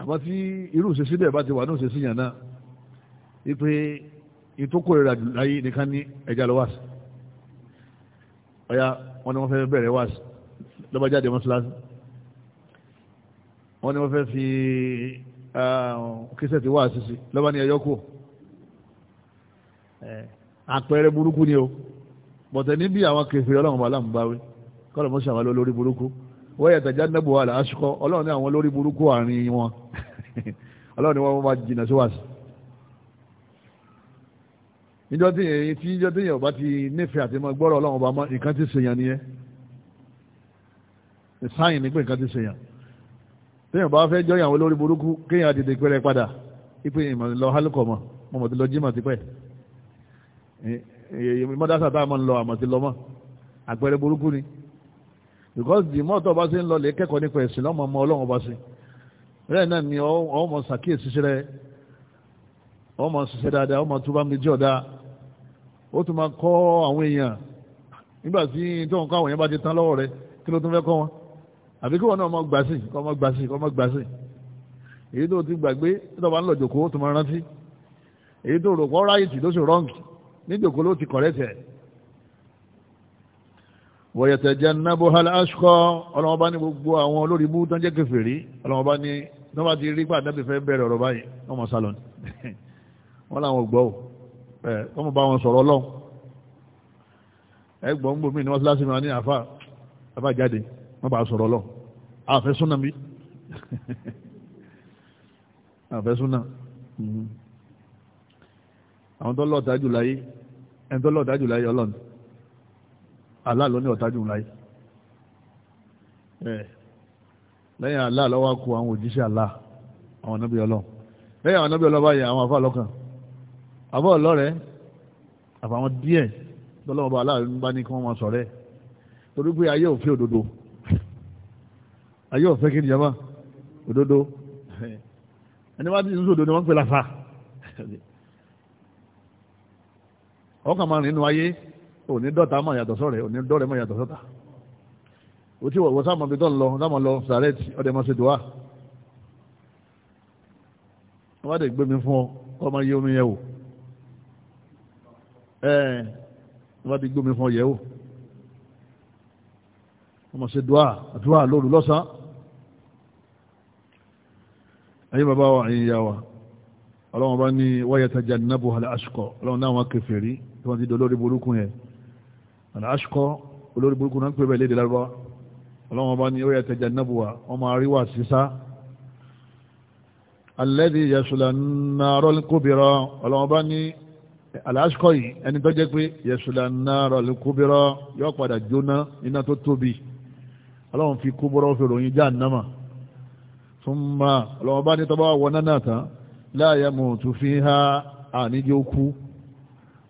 àmọ́ tí irú òṣèṣí bẹ́ẹ̀ bá ti wà ní òṣèṣí yàn náà wípé ìtókò rẹ̀ láyé nìkan ní ẹja lọ wáṣí ọ̀yá wọn ni wọ́n fẹ́ bẹ̀rẹ̀ wáṣí lọ́bàjáde mọ́ṣáláṣí wọ́n ni wọ́n fẹ́ fi kíṣẹ́ ti wáṣí sí lọ́bà ní ẹyọ́kù àpẹẹrẹ burúkú ni o bọ̀tẹ̀ níbi àwọn kẹfìrí ọlọ́run bá láǹbá wí kọ́lọ̀ mọ́sí àwọn olórí burúkú wọ́n yẹ tẹ̀já nẹ́bù wà láṣùkọ́ ọlọ́run ní àwọn olórí burúkú àárín wọn <laughs> ọlọ́run ní wọ́n máa jìnà síwáṣì níjọ́ tí èyí tí níjọ́ tí èyàn bá ti nífẹ̀ẹ́ àti mọ gbọ́rọ̀ ọlọ́run bá mọ́ nǹkan ti ṣèyàn nìyẹn sáyìn ní pé nǹkan ti ṣèyàn téèyàn bá fẹ́ jọyàn àwọn olórí burúkú kéèyàn àti dèpẹ́rẹ́ padà ipe ìmọ̀ lọ hálùkọ̀ mọ̀ mọ̀mọ́ ti lọ jímọ̀ tipẹ́ mọ́dásà tá a máa ń lọ àmọ́ ti lọ mọ́ àpẹẹrẹ burúkú ni because the more tó bá ṣe ń lọ lè kẹ́kọ̀ọ́ nípa ẹ̀sìn lọ́mọ ọmọ ọlọ́run bá ṣe bẹ́ẹ̀ náà ni ọmọ ṣàkíyèsí ṣe rẹ ọmọ ṣiṣẹ́ dáadáa ọmọ tó bá mi jẹ́ ọ̀dá ó tún máa kọ́ àwọn èèyàn nígbà tí tó ń kọ́ àwọn èèyàn bá ti tán lọ́wọ́ rẹ kí ló tún fẹ́ kọ́ wọn àbí kí wọn náà ọmọ gbà sí ọmọ gbà sí ọmọ gbà èyí tó ti gbàgbé tó bá ń lọ jòkó tó máa rántí èyí tó rò pọ́ ráyìtì ló sì rọ́ǹkì níjòkó ló ti kọ̀rẹ́tẹ̀ wọ̀yẹ̀tẹ̀jẹ̀ nábọ̀ aláṣọ́ ọlọ́mọba ní gbogbo àwọn olórí mú tán jẹ́ kèfèrí ọlọ́mọba ní tán bá ti rí pàdé àti fẹ́ bẹ̀rẹ̀ ọ̀rọ̀ báyìí wọ́n mọ̀ sálọ ni <laughs> wọ́n làwọn gbọ́ ò ẹ̀ wọ́n mọ̀ bá wọn sọ̀rọ̀ ọlọ́run ẹ gbọ́ ń bò mí ní wọ́n ti lásìmọ̀ ní àfà àfà jáde wọ́n bá sọ̀rọ̀ ọlọ́run àfẹ́ súnà mi àfẹ́ <laughs> súnà mhm. àwọn tó lọ́ọ̀tà jù láyé ẹni tó lọ́ọ̀dájú láyé ọlọ́run Allah ló ní ọ̀tájú láyé lẹ́yìn Allah ló wá kù àwọn òjíṣẹ́ Allah àwọn ànábì ọlọ́run lẹ́yìn àwọn ànábì ọlọ́run báyìí àwọn afá lọ́kàn àbọ̀ ọlọ́rẹ̀ àfàwọn díẹ̀ lọ́lọ́wọ́ bá Allah bá ní kí wọ́n máa sọ̀rẹ́ torí pé ayé òfin òdodo ayé òfin kí ni jama òdodo ẹni wá ti ń sọ òdodo wọn pè láfa ọkàn máa nínú ayé òní dọ́ta máa yàtọ̀ sọ́rẹ̀ òní dọ́rẹ̀ máa yàtọ̀ sọ́ta o ti wọ̀ sáàmù bí tó ń lọ sáàmù lọ sàrẹ́tì ọdẹ máa ṣe dùwà wọ́n bá dé gbé mi fún ọ ọmọ yé omi yẹ wò ẹ̀ẹ́ wọ́n bá dé gbé mi fún ọ yẹ wò ọmọ ṣe dùwà àdúrà lóru lọ́sàn-án ayé bàbá wa àyè ìyá wa ọlọ́run bá ní wayatajanabuha al-ashqa ọlọ́run náà wọn kèfèrí tí wọ́n ti dọ̀ lórí burúkú yẹn al-ashqa olórí burúkú náà ń pè bẹ́ẹ̀ léde lárúbá ọlọ́run bá ní wayatajanabuha wọ́n máa rí wà sísá alladhi yasla an-nara al-kubra ọlọ́run bá ní al-ashqa yìí ẹni tó jẹ́ pé yasla an-nara yóò padà jóná iná tó tóbi ọlọ́run fi kúbọ́rọ́ fèròyìn jáànámà thumma ọlọ́run bá ní tọ́ láàyà mọ̀tò fi ha àníjẹ́ okú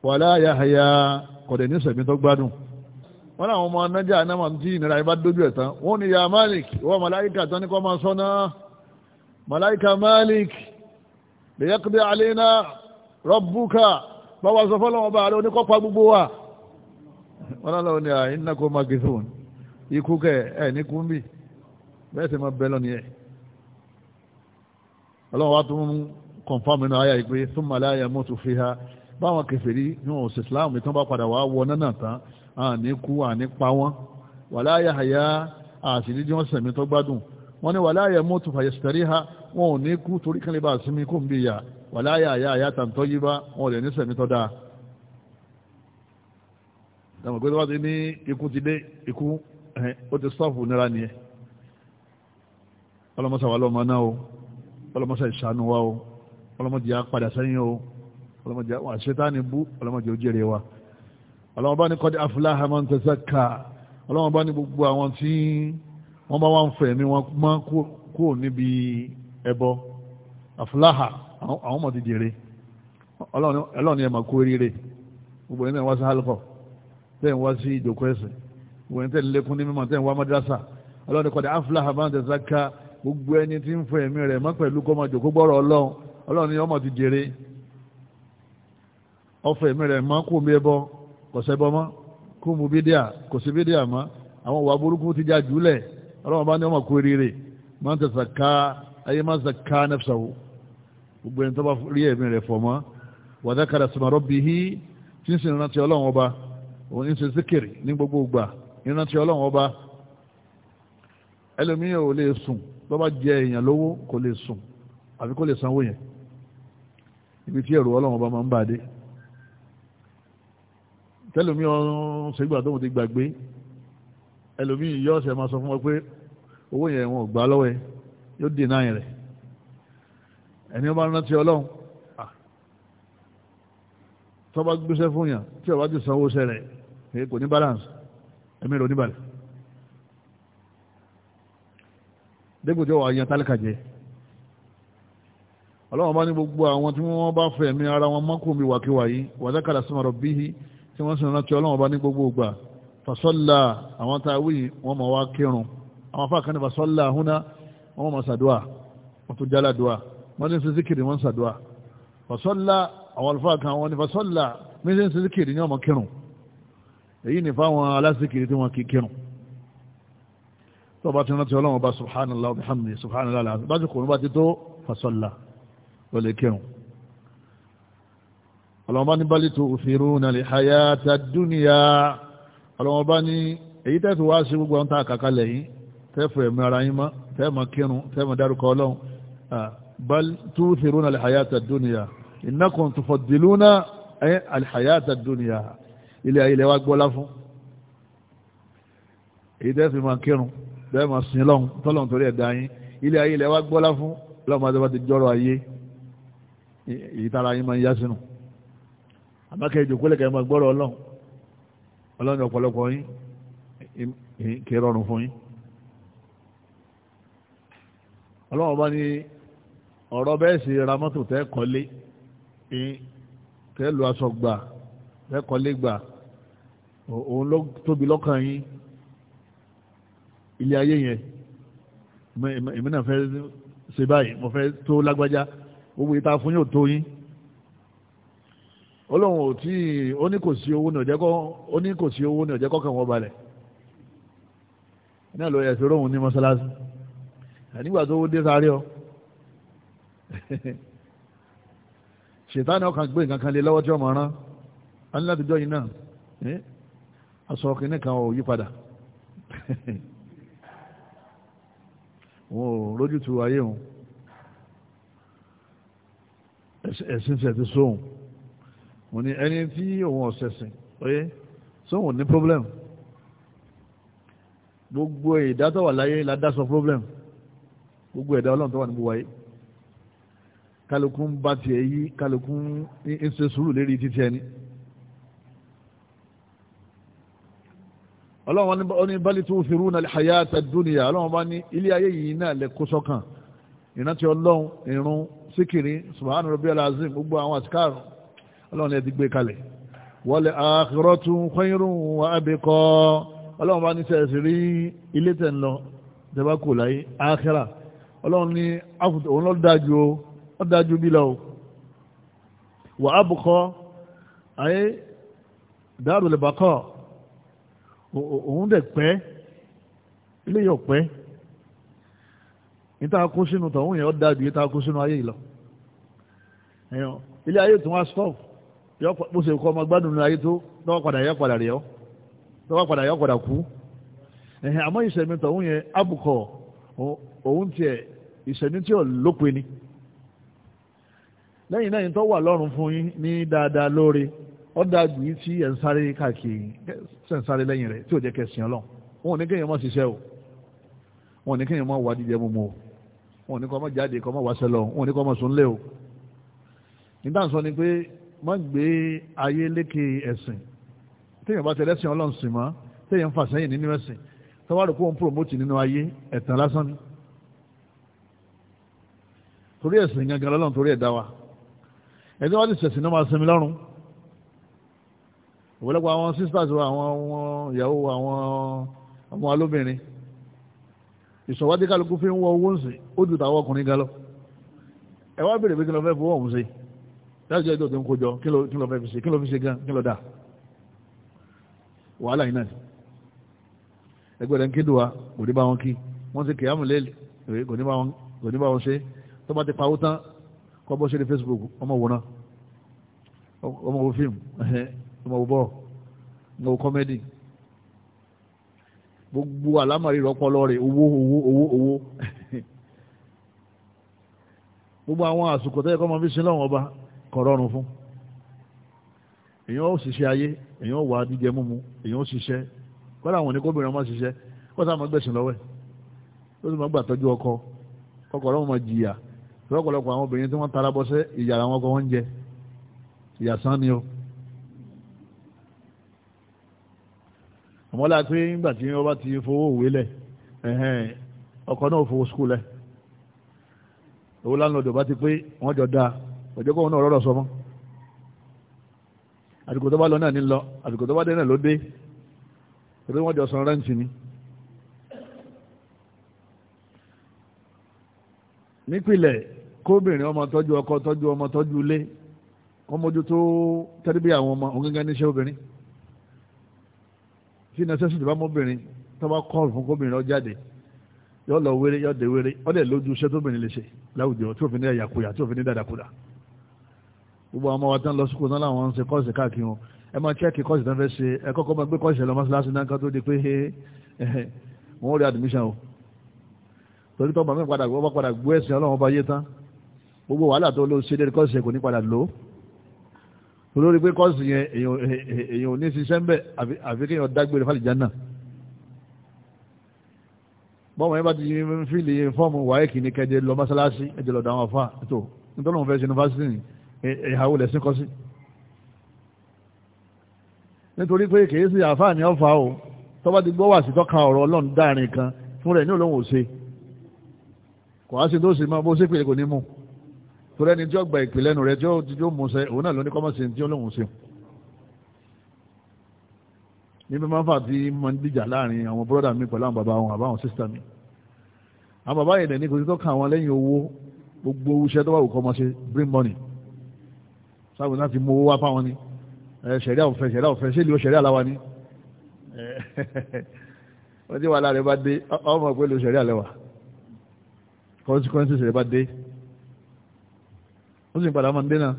wà láàyà àyà kọ̀dẹ̀ ní sẹ̀mí tó gbádùn wọ́n láwọn ọmọ anájà anáma tí ìnira ibá dójú ẹ̀ tán wọ́n ní ya malik wọ́n màláìkà tán ní kọ́ máa sọ́nà màláìkà malik lè yẹ kúdé àléná rọ́bùkà báwa sọ fọ́lọ́wọ́ bá rẹ̀ oníkọ́pa gbogbo wa wọ́n láwọn ní àìnákọ́ magazine ikú kẹ ẹ̀ ní kúmbì bẹ́ẹ̀ sì máa bẹ́ lọ́nìyẹ ọlọ́run wa tún kọ̀nfàmì náà ayà ìpé thumma la yamutu fiha báwọn kèfèrí níwọ̀n òsì islam tó bá padà wá wọ náà tán àní kú àní pa wọ́n wala yahya àṣìlí tí wọ́n sẹ̀mí tó gbádùn wọ́n ní wala yamutu fayastariha wọn ò ní kú torí kan lè bá sinmi kó ń bí ya wala yahya hayatan tayyiba wọn ò lè ní sẹ̀mí tó dáa ẹmọ̀ pé wọ́n náà o ọlọ́mọsà wa o ọlọ́mọdé ya padà sẹ́yìn o ọlọ́mọdé ya wà ṣẹ́tánì bú ọlọ́mọdé ó jèrè wa ọlọ́mọdé bá ní kọ́dé afúláhà máa ń tẹ̀sẹ̀ ká ọlọ́mọdé bá ní gbogbo àwọn tí wọ́n bá wà ń fẹ̀ mí wọn máa kúrò níbi ẹbọ afúláhà àwọn ọmọdé ọlọ́ni ẹ̀ máa gbogbo ẹni náà wá sí wá sí gbogbo ẹni ọlọ́run ni ọmọ ti jèrè ọfẹ mi rẹ̀ mọ́ kó mi ẹbọ kò sẹ́bọ mọ́ kó mu bídíà kò sí bídíà mọ́ àwọn ìwà burúkú ti já jùlẹ̀ ọlọ́run bá ní ọmọ kó rírè máa ń tẹ̀sà ká ayé máa ń tẹ̀sà ká nẹ́fṣàwó gbogbo ẹni tó bá rí ẹ̀mí rẹ̀ fọ̀ mọ́ wàdákàrà sùmọ̀rọ̀ bí i tí ń sì rántí ọlọ́run ọba òun ń ṣe síkìrì ní gbogbo ìgbà ìrántí ọlọ́run ọba ẹlòmíràn ò lè sùn tó bá jẹ èèyàn lówó kò lè sùn àbí kò lè sanwó yẹn ibi tí ẹ̀rù ọlọ́run ọba máa ń bàdé tẹ́lómi ọ̀run ṣègbà tóun ti gbàgbé ẹlòmí yọ ọ̀sẹ̀ máa sọ fún wọn pé owó yẹn wọn ò gbà lọ́wọ́ ẹ yóò dènà rẹ̀ ẹni wọn bá rántí ọlọ́run tó bá gbéṣẹ́ fún yàn tí ọba ti sanwó sẹ́rẹ̀ èyí kò ní balance ẹ̀mí rẹ̀ oníbalẹ̀ dẹ́gbẹ̀jọ́ wà yan tálíkà jẹ́ ọlọ́wọ́n bá ní gbogbo àwọn tí wọ́n bá fẹ̀ mí ara wọn mọ́kùnmí wàkíwà yìí wàdákàlà sí ọ̀rọ̀ bí i tí wọ́n sì rántí ọlọ́wọ́n bá ní gbogbo ògbà fasọ́là àwọn tá a wí wọ́n mọ̀ wá kírun àwọn afáàkàn ní fasọ́là húnná wọ́n mọ̀ sàdúà wọ́n tún jálá dùà wọ́n ní sísíkìrì wọ́n sàdúà fasọ́là àwọn alfáàkàn wọn ní fasọ́là méjì ní sísíkìrì ní ó lè kírun ọlọ́wọ́n bá ní bá lítò òfìrún nàlẹ̀ hayata dúnìyà ọlọ́wọ́n bá ní èyí tẹ́fì wá sí gbogbo ọ̀ntà àkàkalẹ̀ yìí tẹ́fì ẹ̀mí ara yín mọ́ tẹ́mọ̀ kírun tẹ́mọ̀ dárúkọ ọlọ́run bá túfìrún nàlẹ̀ hayata dúnìyà ìnákùn tó fọ̀dìlúnà alhayata dúnìyà ilẹ̀ ilẹ̀ wa gbọ́lá fún èyí bá ti jọ́rọ̀ ayé ìtara yín máa ń yá sínú àbákẹ́ ìjòkólẹ̀ kẹ́ máa gbọ́rọ̀ ọlọ́run ọlọ́run ọ̀pọ̀lọpọ̀ yín kì í rọrùn fún yín ọlọ́run bá ní ọ̀rọ̀ bẹ́ẹ̀ sì ra mọ́tò tẹ́ kọ́lé tẹ́ lu aṣọ gbà tẹ́ kọ́lé gbà òun ló tóbi lọ́kàn yín ilé ayé yẹn èmi náà fẹ́ ṣe báyìí mo fẹ́ tó lágbájá gbogbo ìta fún yóò tó yín olóhùn ò tí ó ní kò sí owó ní ọ̀jẹ́kọ́ ó ní kò sí owó ní ọ̀jẹ́kọ́ kan wọ́n balẹ̀ náà ló yẹ fi róhùn ní mọ́sálásí nígbà tó dé sáré ọ <laughs> ṣètánì ọkàn gbé nǹkan kan lé lọ́wọ́ tí ọmọ rán á ní láti jọ yìí náà aṣọ kìíní kan ò yí padà <laughs> wọn ò rójútu ayé wọn ẹ̀sìn ṣẹ̀ ti sóhun mo ní ẹni tí òun ọ̀sẹ̀sìn oyé sóhun ní problem gbogbo ẹ̀dá tó wà láyé la dá sọ problem gbogbo ẹ̀dá ọlọ́run tó wà níbo wáyé kálukú ń bá tiẹ̀ yí kálukú ń ṣe sùúrù lérí títí ẹni. ọlọ́run ní bali tó fi rú náà hayata dunya ọlọ́run bá ní ilé ayé yìí náà lè kó sọ́kàn ìrántí ọlọ́run ìrun síkìrí subhanahu rabbiyal azim gbogbo àwọn àtikáàrùn ọlọ́run lè ti gbé kalẹ̀ wal akhiratu khayrun wa abqa ọlọ́run bá ní sẹ́ẹ̀sì rí ilé tẹ̀ ń lọ tẹ́bá kò láyé àkírà ọlọ́run ní òun ló dájú ó dájú bí ìta kó sínú tọ̀hún yẹn ó dájú ìta kó sínú ayé ìlọ ẹ̀yàn ilé ayé tí wọ́n stop yọ bó ṣe kọ́ ọmọ gbádùn ní ayé tó lọ́wọ́ padà yọ padà rẹ̀ ọ́ lọ́wọ́ padà yọ padà kú ẹ̀hìn àmọ́ ìṣẹ̀mí tọ̀hún yẹn àbùkọ̀ òun tiẹ̀ ìṣẹ̀mí tí ò lópin ni lẹ́yìn náà tó wà lọ́rùn fún yín ní dáadáa lóore ó dájú yìí tí ẹ̀ ń sáré káàkiri ṣẹ̀ ń sáré lẹ́yìn rẹ̀ tí ṣiṣẹ́ o wọn ò ní kéèyàn má wà dídẹ́ mú mu o wọn ní kọ́ mọ́ jáde kọ́ mọ́ wáṣẹ lọ wọn ní kọ́ mọ́ sùn lé o nígbà sọ ni pé má gbé ayé lékè ẹ̀sìn téèyàn bá tẹ̀lé ẹ̀sìn ọlọ́run sìn mọ́ téèyàn fà sẹ́yìn nínú ẹ̀sìn tọ́wádìí kó ń promote nínú ayé ẹ̀tàn lásán ni torí ẹ̀sìn gangan lọ́lọ́run torí ẹ̀dá wa ẹ̀dá wa ti sẹ̀sìn náà máa sinmi lọ́rùn ìwọ́lẹ́pọ̀ àwọn sisters wa àwọn ìyàwó àwọn ọmọ alóbìnrin ìsọ̀wádìí kálukú fi ń wọ owó ń sìn ó ju tàwọn ọkùnrin gan lọ ẹ wá bèrè pé kí ló fẹ́ fowó ọ̀hún ṣe láti jẹ́ ìjọ tó ń kójọ kí ló fẹ́ fi ṣe kí ló fi ṣe gan kí ló dà wàhálà yìí náà ẹgbẹ́ rẹ̀ ń kéde wa kò ní bá wọn kí wọ́n ti kì í àmúlẹ̀ kò ní bá wọn ṣe tó bá ti pawó tán kọ́ bọ́ sórí Facebook ọmọ wò náà ọmọ wò fíìmù ọmọ wò bọ́ọ̀ ọmọ wò kọ́mẹ́dì gbogbo àlámọ̀rí rọpọlọ rẹ̀ owó owó owó owó gbogbo àwọn àsìkò tẹ́yẹ kọ́ mọ fi sin lọ́wọ́n ọba kò rọrùn fún èèyàn ó ṣiṣẹ́ ayé èèyàn ó wà jíjẹ múmu èèyàn ó ṣiṣẹ́ kọ́dà àwọn oníkóbìnrin ọmọ ṣiṣẹ́ kọ́dà àwọn gbẹ̀sìn lọ́wọ́ ẹ̀ ó sì máa gbà tọ́jú ọkọ ọkọ ọlọ́run máa jìyà lọ́pọ̀lọpọ̀ àwọn obìnrin tí wọ́n tara bọ́sẹ́ ìyàrá wọn kọ́ wọ́n ń jẹ ìyàsán ni o àmọ́ láti pé nígbà tí wọ́n bá ti fowó òwe lẹ̀ ọkọ̀ náà fowó skul lẹ̀ owó láńlọ́dọ̀ bá ti pé wọ́n jọ dáa ọjọ́ kóhun náà rọ́rọ̀ sọmọ́ àdìkò tó bá lọ náà ní lọ tó bá dé náà ló dé torí wọ́n jọ san rẹ́ǹtì ọkọ tọ́jú ọmọ tọ́jú ilé àwọn ọmọ tí nẹ́sẹ̀sì tó bá mọ́bìnrin tó bá kọ́ fún kóbìnrin ọjáde yọ lọ wéré yọ dé wéré ọdẹ lójú iṣẹ́ tóbìnrin lè ṣe láwùjọ tí òfin ní ẹ̀yàkuyà tí òfin ní dàdàkudà gbogbo àwọn ọmọ wa tán lọ sùkúl náà làwọn ń ṣe kọ́ọ̀sì káàkiri wọn ẹ máa chẹ́ẹ̀kì kọ́ọ̀sì tán fẹ́ ṣe ẹ kọ́kọ́ máa gbé kọ́ọ̀sì lọ mọ́ṣáláṣí náà kan tó di pé <laughs> wọ́n rí admission o torí tọ́ bàmí padà gbọ́ padà gbọ́ ẹ̀sìn ọlọ́run ọba yé tán gbogbo wàhálà tó ló ṣe lé kọ́ọ̀sì kò ní padà lò ó olórí pé kọ́ọ̀sì yẹn èèyàn ò ní ṣiṣẹ́ ń bẹ̀ àfi kéèyàn dágbére fàlìjà náà bọ́ọ̀mù yẹn bá ti ń fìlì fọ́ọ̀mù wáyé kìíní kẹjẹ lọ mọ́sálásí ẹjẹ lọ́dọ̀ àwọn afá tó nítorí òun fẹ́ ṣe yunifásitì ní ìhàwó lẹ́sìn kọ́ sí nítorí pé kìí sí àfáà ní ọ̀fà o tó bá ti gbọ́ wà sí tọ́ka ọ̀rọ̀ ọlọ́run dáàrin kan fún rẹ̀ ní olóhùn òṣè kò á sí tó sì máa bó ṣépè kò ní mú torí ẹni tí ó gba ìpè lẹ́nu rẹ̀ tí ó ti jó musẹ́ òun náà ló ní kọ́mọ́sí tí ó lóun ṣeun níbi máa ń fà tí mo ń dìjà láàrin àwọn bọ́dà mi pẹ̀lú àwọn bàbá wọn àbáwọn sísítà mi àwọn bàbá yẹn ní kò sí tó kàn wọn lẹ́yìn owó gbogbo iṣẹ́ tó bá wù kọ́mọ́sí bring money sáwọn láti mú owó wá fáwọn ni ṣẹ̀rí àwòfẹ́ ṣẹ̀rí àwòfẹ́ ṣé ìlú ṣẹ̀rí àláwa ni <laughs> wọ́n ti wà láàrin bá dé ọmọ pẹ̀lú ṣẹ̀rí àlẹ́wà consequences rẹ̀ bá dé ó sì padà máa ń dé náà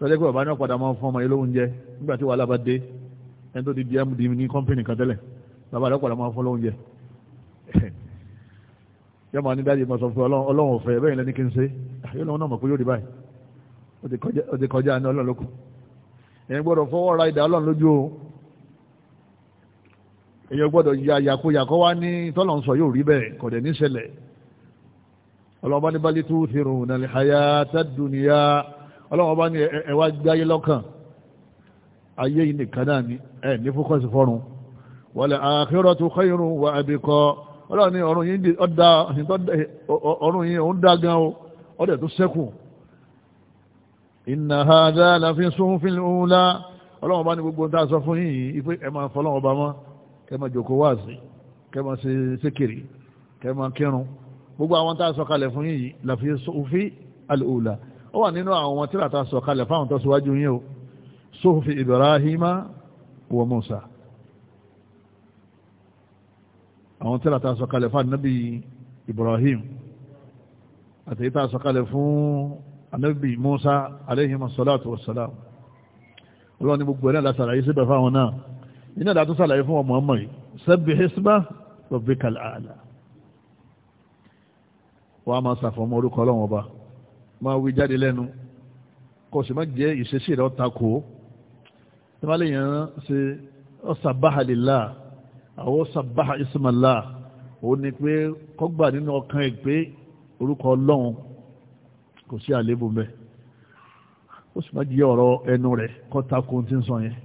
tọ́jẹ́ pé bàbá náà padà máa ń fún ọmọ yẹn lóúnjẹ nígbà tí wàhálà ẹni tó di dmd ní kọ́mpìnì kan tẹ́lẹ̀ bàbá rẹ̀ padà máa ń fún lóúnjẹ <laughs> yọ máa ní dájú máa sọ fún ọlọ́run ọ̀fẹ́ bẹ́ẹ̀ lẹ́ni kí n ṣe ah, yóò lọ́wọ́ náà mọ̀ pé yóò rí báyìí ó ti kọjá ní ọlọ́run lókun èyàn gbọ́dọ̀ fọwọ́ ra ìdá ọlọ́run lójú o èyàn gbọ́dọ̀ ya yàkóyàkó wá ní tọ́lọ̀ ń sọ yóò rí bẹ́ẹ̀ kọ̀dẹ̀ ní ṣẹlẹ̀ ọlọ́ọ̀bá ní bali tó fi rùn nàlẹ́ àyà tẹ́dùnìyà ọlọ́ọ̀bá ní ẹ̀wà gbáyé lọ́kàn ayé yìí nìkan náà ni ẹ̀ ní fókọ́sì fọ́run wọlé àkérò tó kọ́yìnrún wà àbíkọ́ ọlọ́ọ̀ ní ọ̀run yìí ọ̀dà ọ̀run yìí òun dá gan o ọ̀dẹ̀ tó sẹ́kù inna hadha láfi sún fílì ńlá ọlọ́wọ́n bá ní gbogbo ń sọ fún yìnyín ife ẹ máa fọlọ́wọ́n mọ́ kẹ́ máa jòkó wáàsí kẹ́ máa ṣe sékèrè kẹ́ máa kírun gbogbo àwọn tá a sọ̀kalẹ̀ fún yìí làfi sọ́fí alùlà ó wà nínú àwọn tíra tá a sọ̀kalẹ̀ fáwọn tó síwájú yìí o sọ́fí ibrahima wa musa àwọn tíra tá a sọ̀kalẹ̀ fún anabi ibrahim àti tá a sọ̀kalẹ̀ fún anabi musa alayhim asalaatu wasalaam hisba rabbikal a'la wọ́n á máa ṣàfọ̀mọ́ orúkọ ọlọ́run ọba máa wí jáde lẹ́nu kò sì má jẹ́ ìṣesí rẹ̀ ọ̀ta kò ó tí wọ́n lè yàn án ṣe ọ̀sàbáhà lillah àwọn ọ̀sàbáhà ismàlá ó ní pé kọ́gbà nínú ọkàn ẹ̀ pé orúkọ ọlọ́run kò sí àléébù mẹ́ ó sì má jẹ́ ọ̀rọ̀ ẹnu rẹ̀ kọ́ta kò tí ń sọ yẹn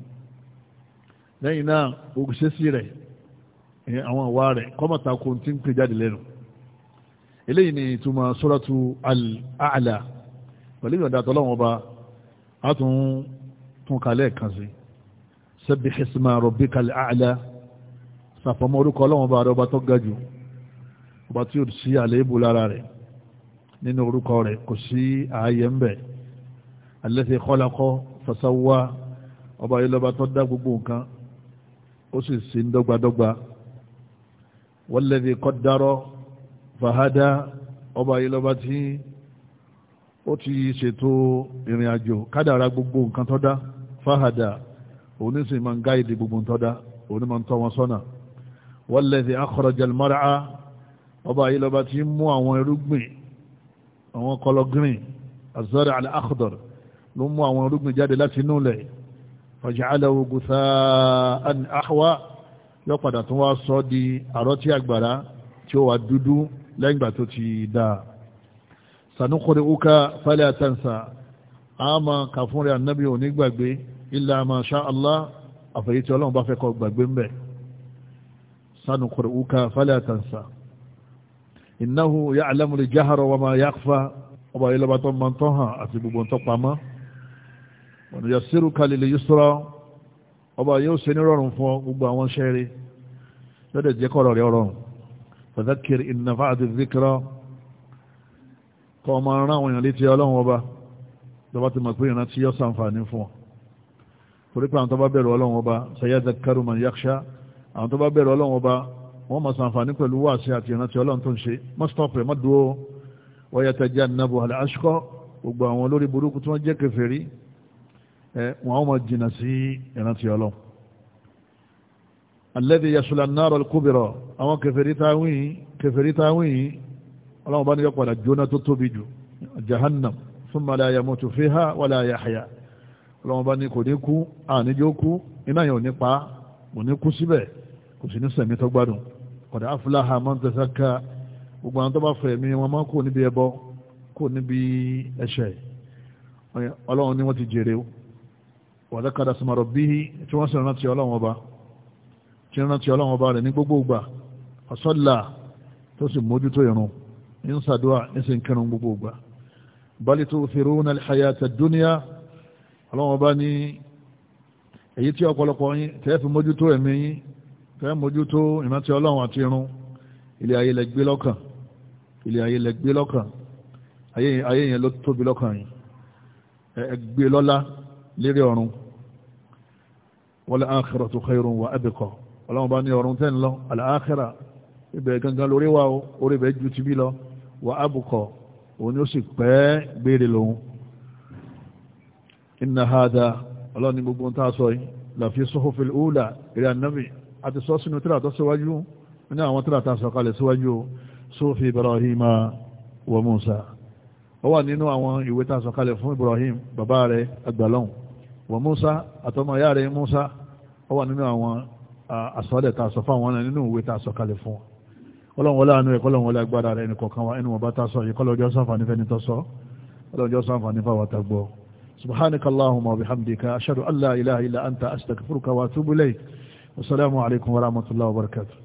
lẹ́yìn náà òṣèṣì rẹ̀ àwọn àwa rẹ̀ kọ́mọ̀ta kò tí ń pè jáde lẹ́nu eléyìí ni ìtumọ̀ sọ́rọ̀tù àlà pẹ̀lú ìyọ̀dá tọ́lọ́wọ́n ọba a tún tún kalẹ̀ kan sí sẹ́bí ṣẹ́sìmá rọ̀bí kalẹ̀ àlà sàfọ́mọ́ orúkọ ọlọ́wọ́n ọba rẹ̀ ọba tó ga jù ọba tí ó sí àléébù lára rẹ̀ nínú orúkọ rẹ̀ kò sí ààyè ń bẹ̀ alẹ́sẹ̀ kọ́lákọ́ fasáwá ọba yìí lọ́ba tó dá gbogbo nǹkan ó sì sí dọ́gbadọ́gba wọ́n lẹ́sẹ̀ kọ́ dárọ́ fàhádá ọba yìí lọ́ba tí ó ti ṣètò ìrìn àjò kádàrá gbogbo nǹkan tó dá fàhádá òun ní sì máa ń gáìdì gbogbo nǹkan tó dá òun ní máa ń tọ́ wọn sọ́nà wallazi akhraja al-mar'a ọba yìí lọ́ba tí mú àwọn irúgbìn àwọn kọlọ green az-zara' ló mú àwọn irúgbìn jáde láti inú lẹ̀ faja'alahu ghutha'an ahwa yóò padà tún wá sọ di àrọ́tí àgbàrá tí ó wà dúdú lẹ́yìn ìgbà tó ti dá sanukuri uka falẹ̀ àtànsà a máa kà fún rẹ̀ ànábì ò ní gbàgbé illa ma sha Allah àfẹ̀yìntì ọlọ́run bá fẹ́ kọ́ gbàgbé ń bẹ̀ sanukuri uka falẹ̀ àtànsà innahu ya'lamu al-jahra wa ma yakhfa ọba ilọba tó máa ń tọ́ hàn àti gbogbo tó pamọ́ wọn yà sírù kalẹ̀ yusra ọba yóò ṣe nírọ̀rùn fún gbogbo àwọn ṣẹ́rí lọ́dẹ̀ jẹ́ rọrùn fàdákìrì إن بعد zikirọ́ kọ́ ọmọ rán àwọn èèyàn létí ọlọ́run ọba lọ́ba ti mọ̀ pé ìrántí yọ sàǹfààní fún ọ torí pé àwọn tó bá bẹ̀rù ọlọ́run ọba sayadhakkaru man yakhsha àwọn tó bá bẹ̀rù ọlọ́run ọba wọ́n mọ̀ sàǹfààní pẹ̀lú wáàsí àti ìrántí ọlọ́run tó ń ṣe mọ́ stop rẹ̀ mọ́ dúró wọ́n yẹ tẹ̀jẹ́ ànábò aṣọ́ gbogbo àwọn olórí burúkú tí wọ́n jẹ́ kèfèrí ẹ̀ wọ́n alladhi yasla an-nar al-kubra àwọn kẹfẹ̀rí táwìn kẹfẹ̀rí táwìn ọlọ́run bá ní yọ padà jóná tó tóbi jù jahannam thumma la yamutu fiha wa la yahya ọlọ́run bá ní kò ní kú àníjó kú iná yẹn ò ní pa kò ní kú síbẹ̀ kò sí ní sẹ̀mí tó gbádùn qad aflaha man tazakka gbogbo àwọn tó bá fẹ̀ mí wọn máa kò níbi ẹbọ kò níbi ẹ̀ṣẹ̀ ọlọ́run ni wọ́n ti jèrè wa dhakara isma rabbihi tí wọ́n sì rántí ọlọ́run ọba tí ń rántí ọlọ́run ọba rẹ̀ ní gbogbo ìgbà ọ̀sọ́là tó sì mójútó ìrun ń sàdúrà ń sì ń kírun gbogbo ìgbà bali tu'thiruna al-hayata ad-dunya ọlọ́run ọba ní èyí tí ọ̀pọ̀lọpọ̀ yín tẹ́ fi mójútó ẹ̀mí yín tẹ́ mójútó ìrántí ọlọ́run àti ìrun ilé ayé lẹ lọ́kàn ilé ayé lẹ lọ́kàn ayé yẹn ló tóbi lọ́kàn yìí ẹ lọ́lá lérí ọ̀run wal-akhiratu khayrun wa abqa ọlọ́run bá ní ọ̀run tẹ́ ń lọ àlàáxẹ́rà ibẹ̀ gangan lórí wa o orí ibẹ̀ ju ti bí lọ wà ábùkọ̀ òun ni ó sì pẹ́ gbére lòun inna hada ọlọ́run ní gbogbo tá a sọ yìí làfi sọ́fọ́fẹ́ òòlà eré anábì àti sọ́ sínú tíra tó síwájú nínú àwọn tíra tá a sọ kalẹ̀ síwájú sọ́fẹ́ ibrahima wa musa ó wà nínú àwọn ìwé tá a sọ kalẹ̀ fún ibrahim bàbá rẹ̀ àgbàlọ́hùn wa musa àtọmọ ìyá musa ó wà nínú àwọn àsọ́lẹ̀ ta sọ fáwọn náà nínú ìwé ta sọ kalẹ̀ fún ọlọ́run wọlé àánú ẹ̀ kọ́lọ́run wọlé agbára rẹ̀ ẹnì kọ̀ọ̀kan wa ẹnu wọn bá ta sọ yìí kọ́lọ́jọ́ sàǹfààní fẹ́ni tó sọ kọ́lọ́jọ́ sàǹfààní fáwọn àtàgbọ́ subhanaka allahumma wa bihamdika ashhadu an la ilaha illa anta astaghfiruka wa atubu ilayk wassalamu alaykum wa rahmatullahi wa barakatuh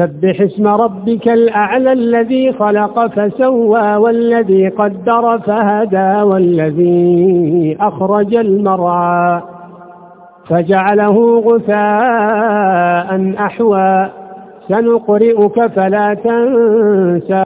سبح اسم ربك الأعلى الذي خلق فسوى والذي قدر فهدى والذي أخرج المرعى فجعله غثاء أحوى سنقرئك فلا تنسى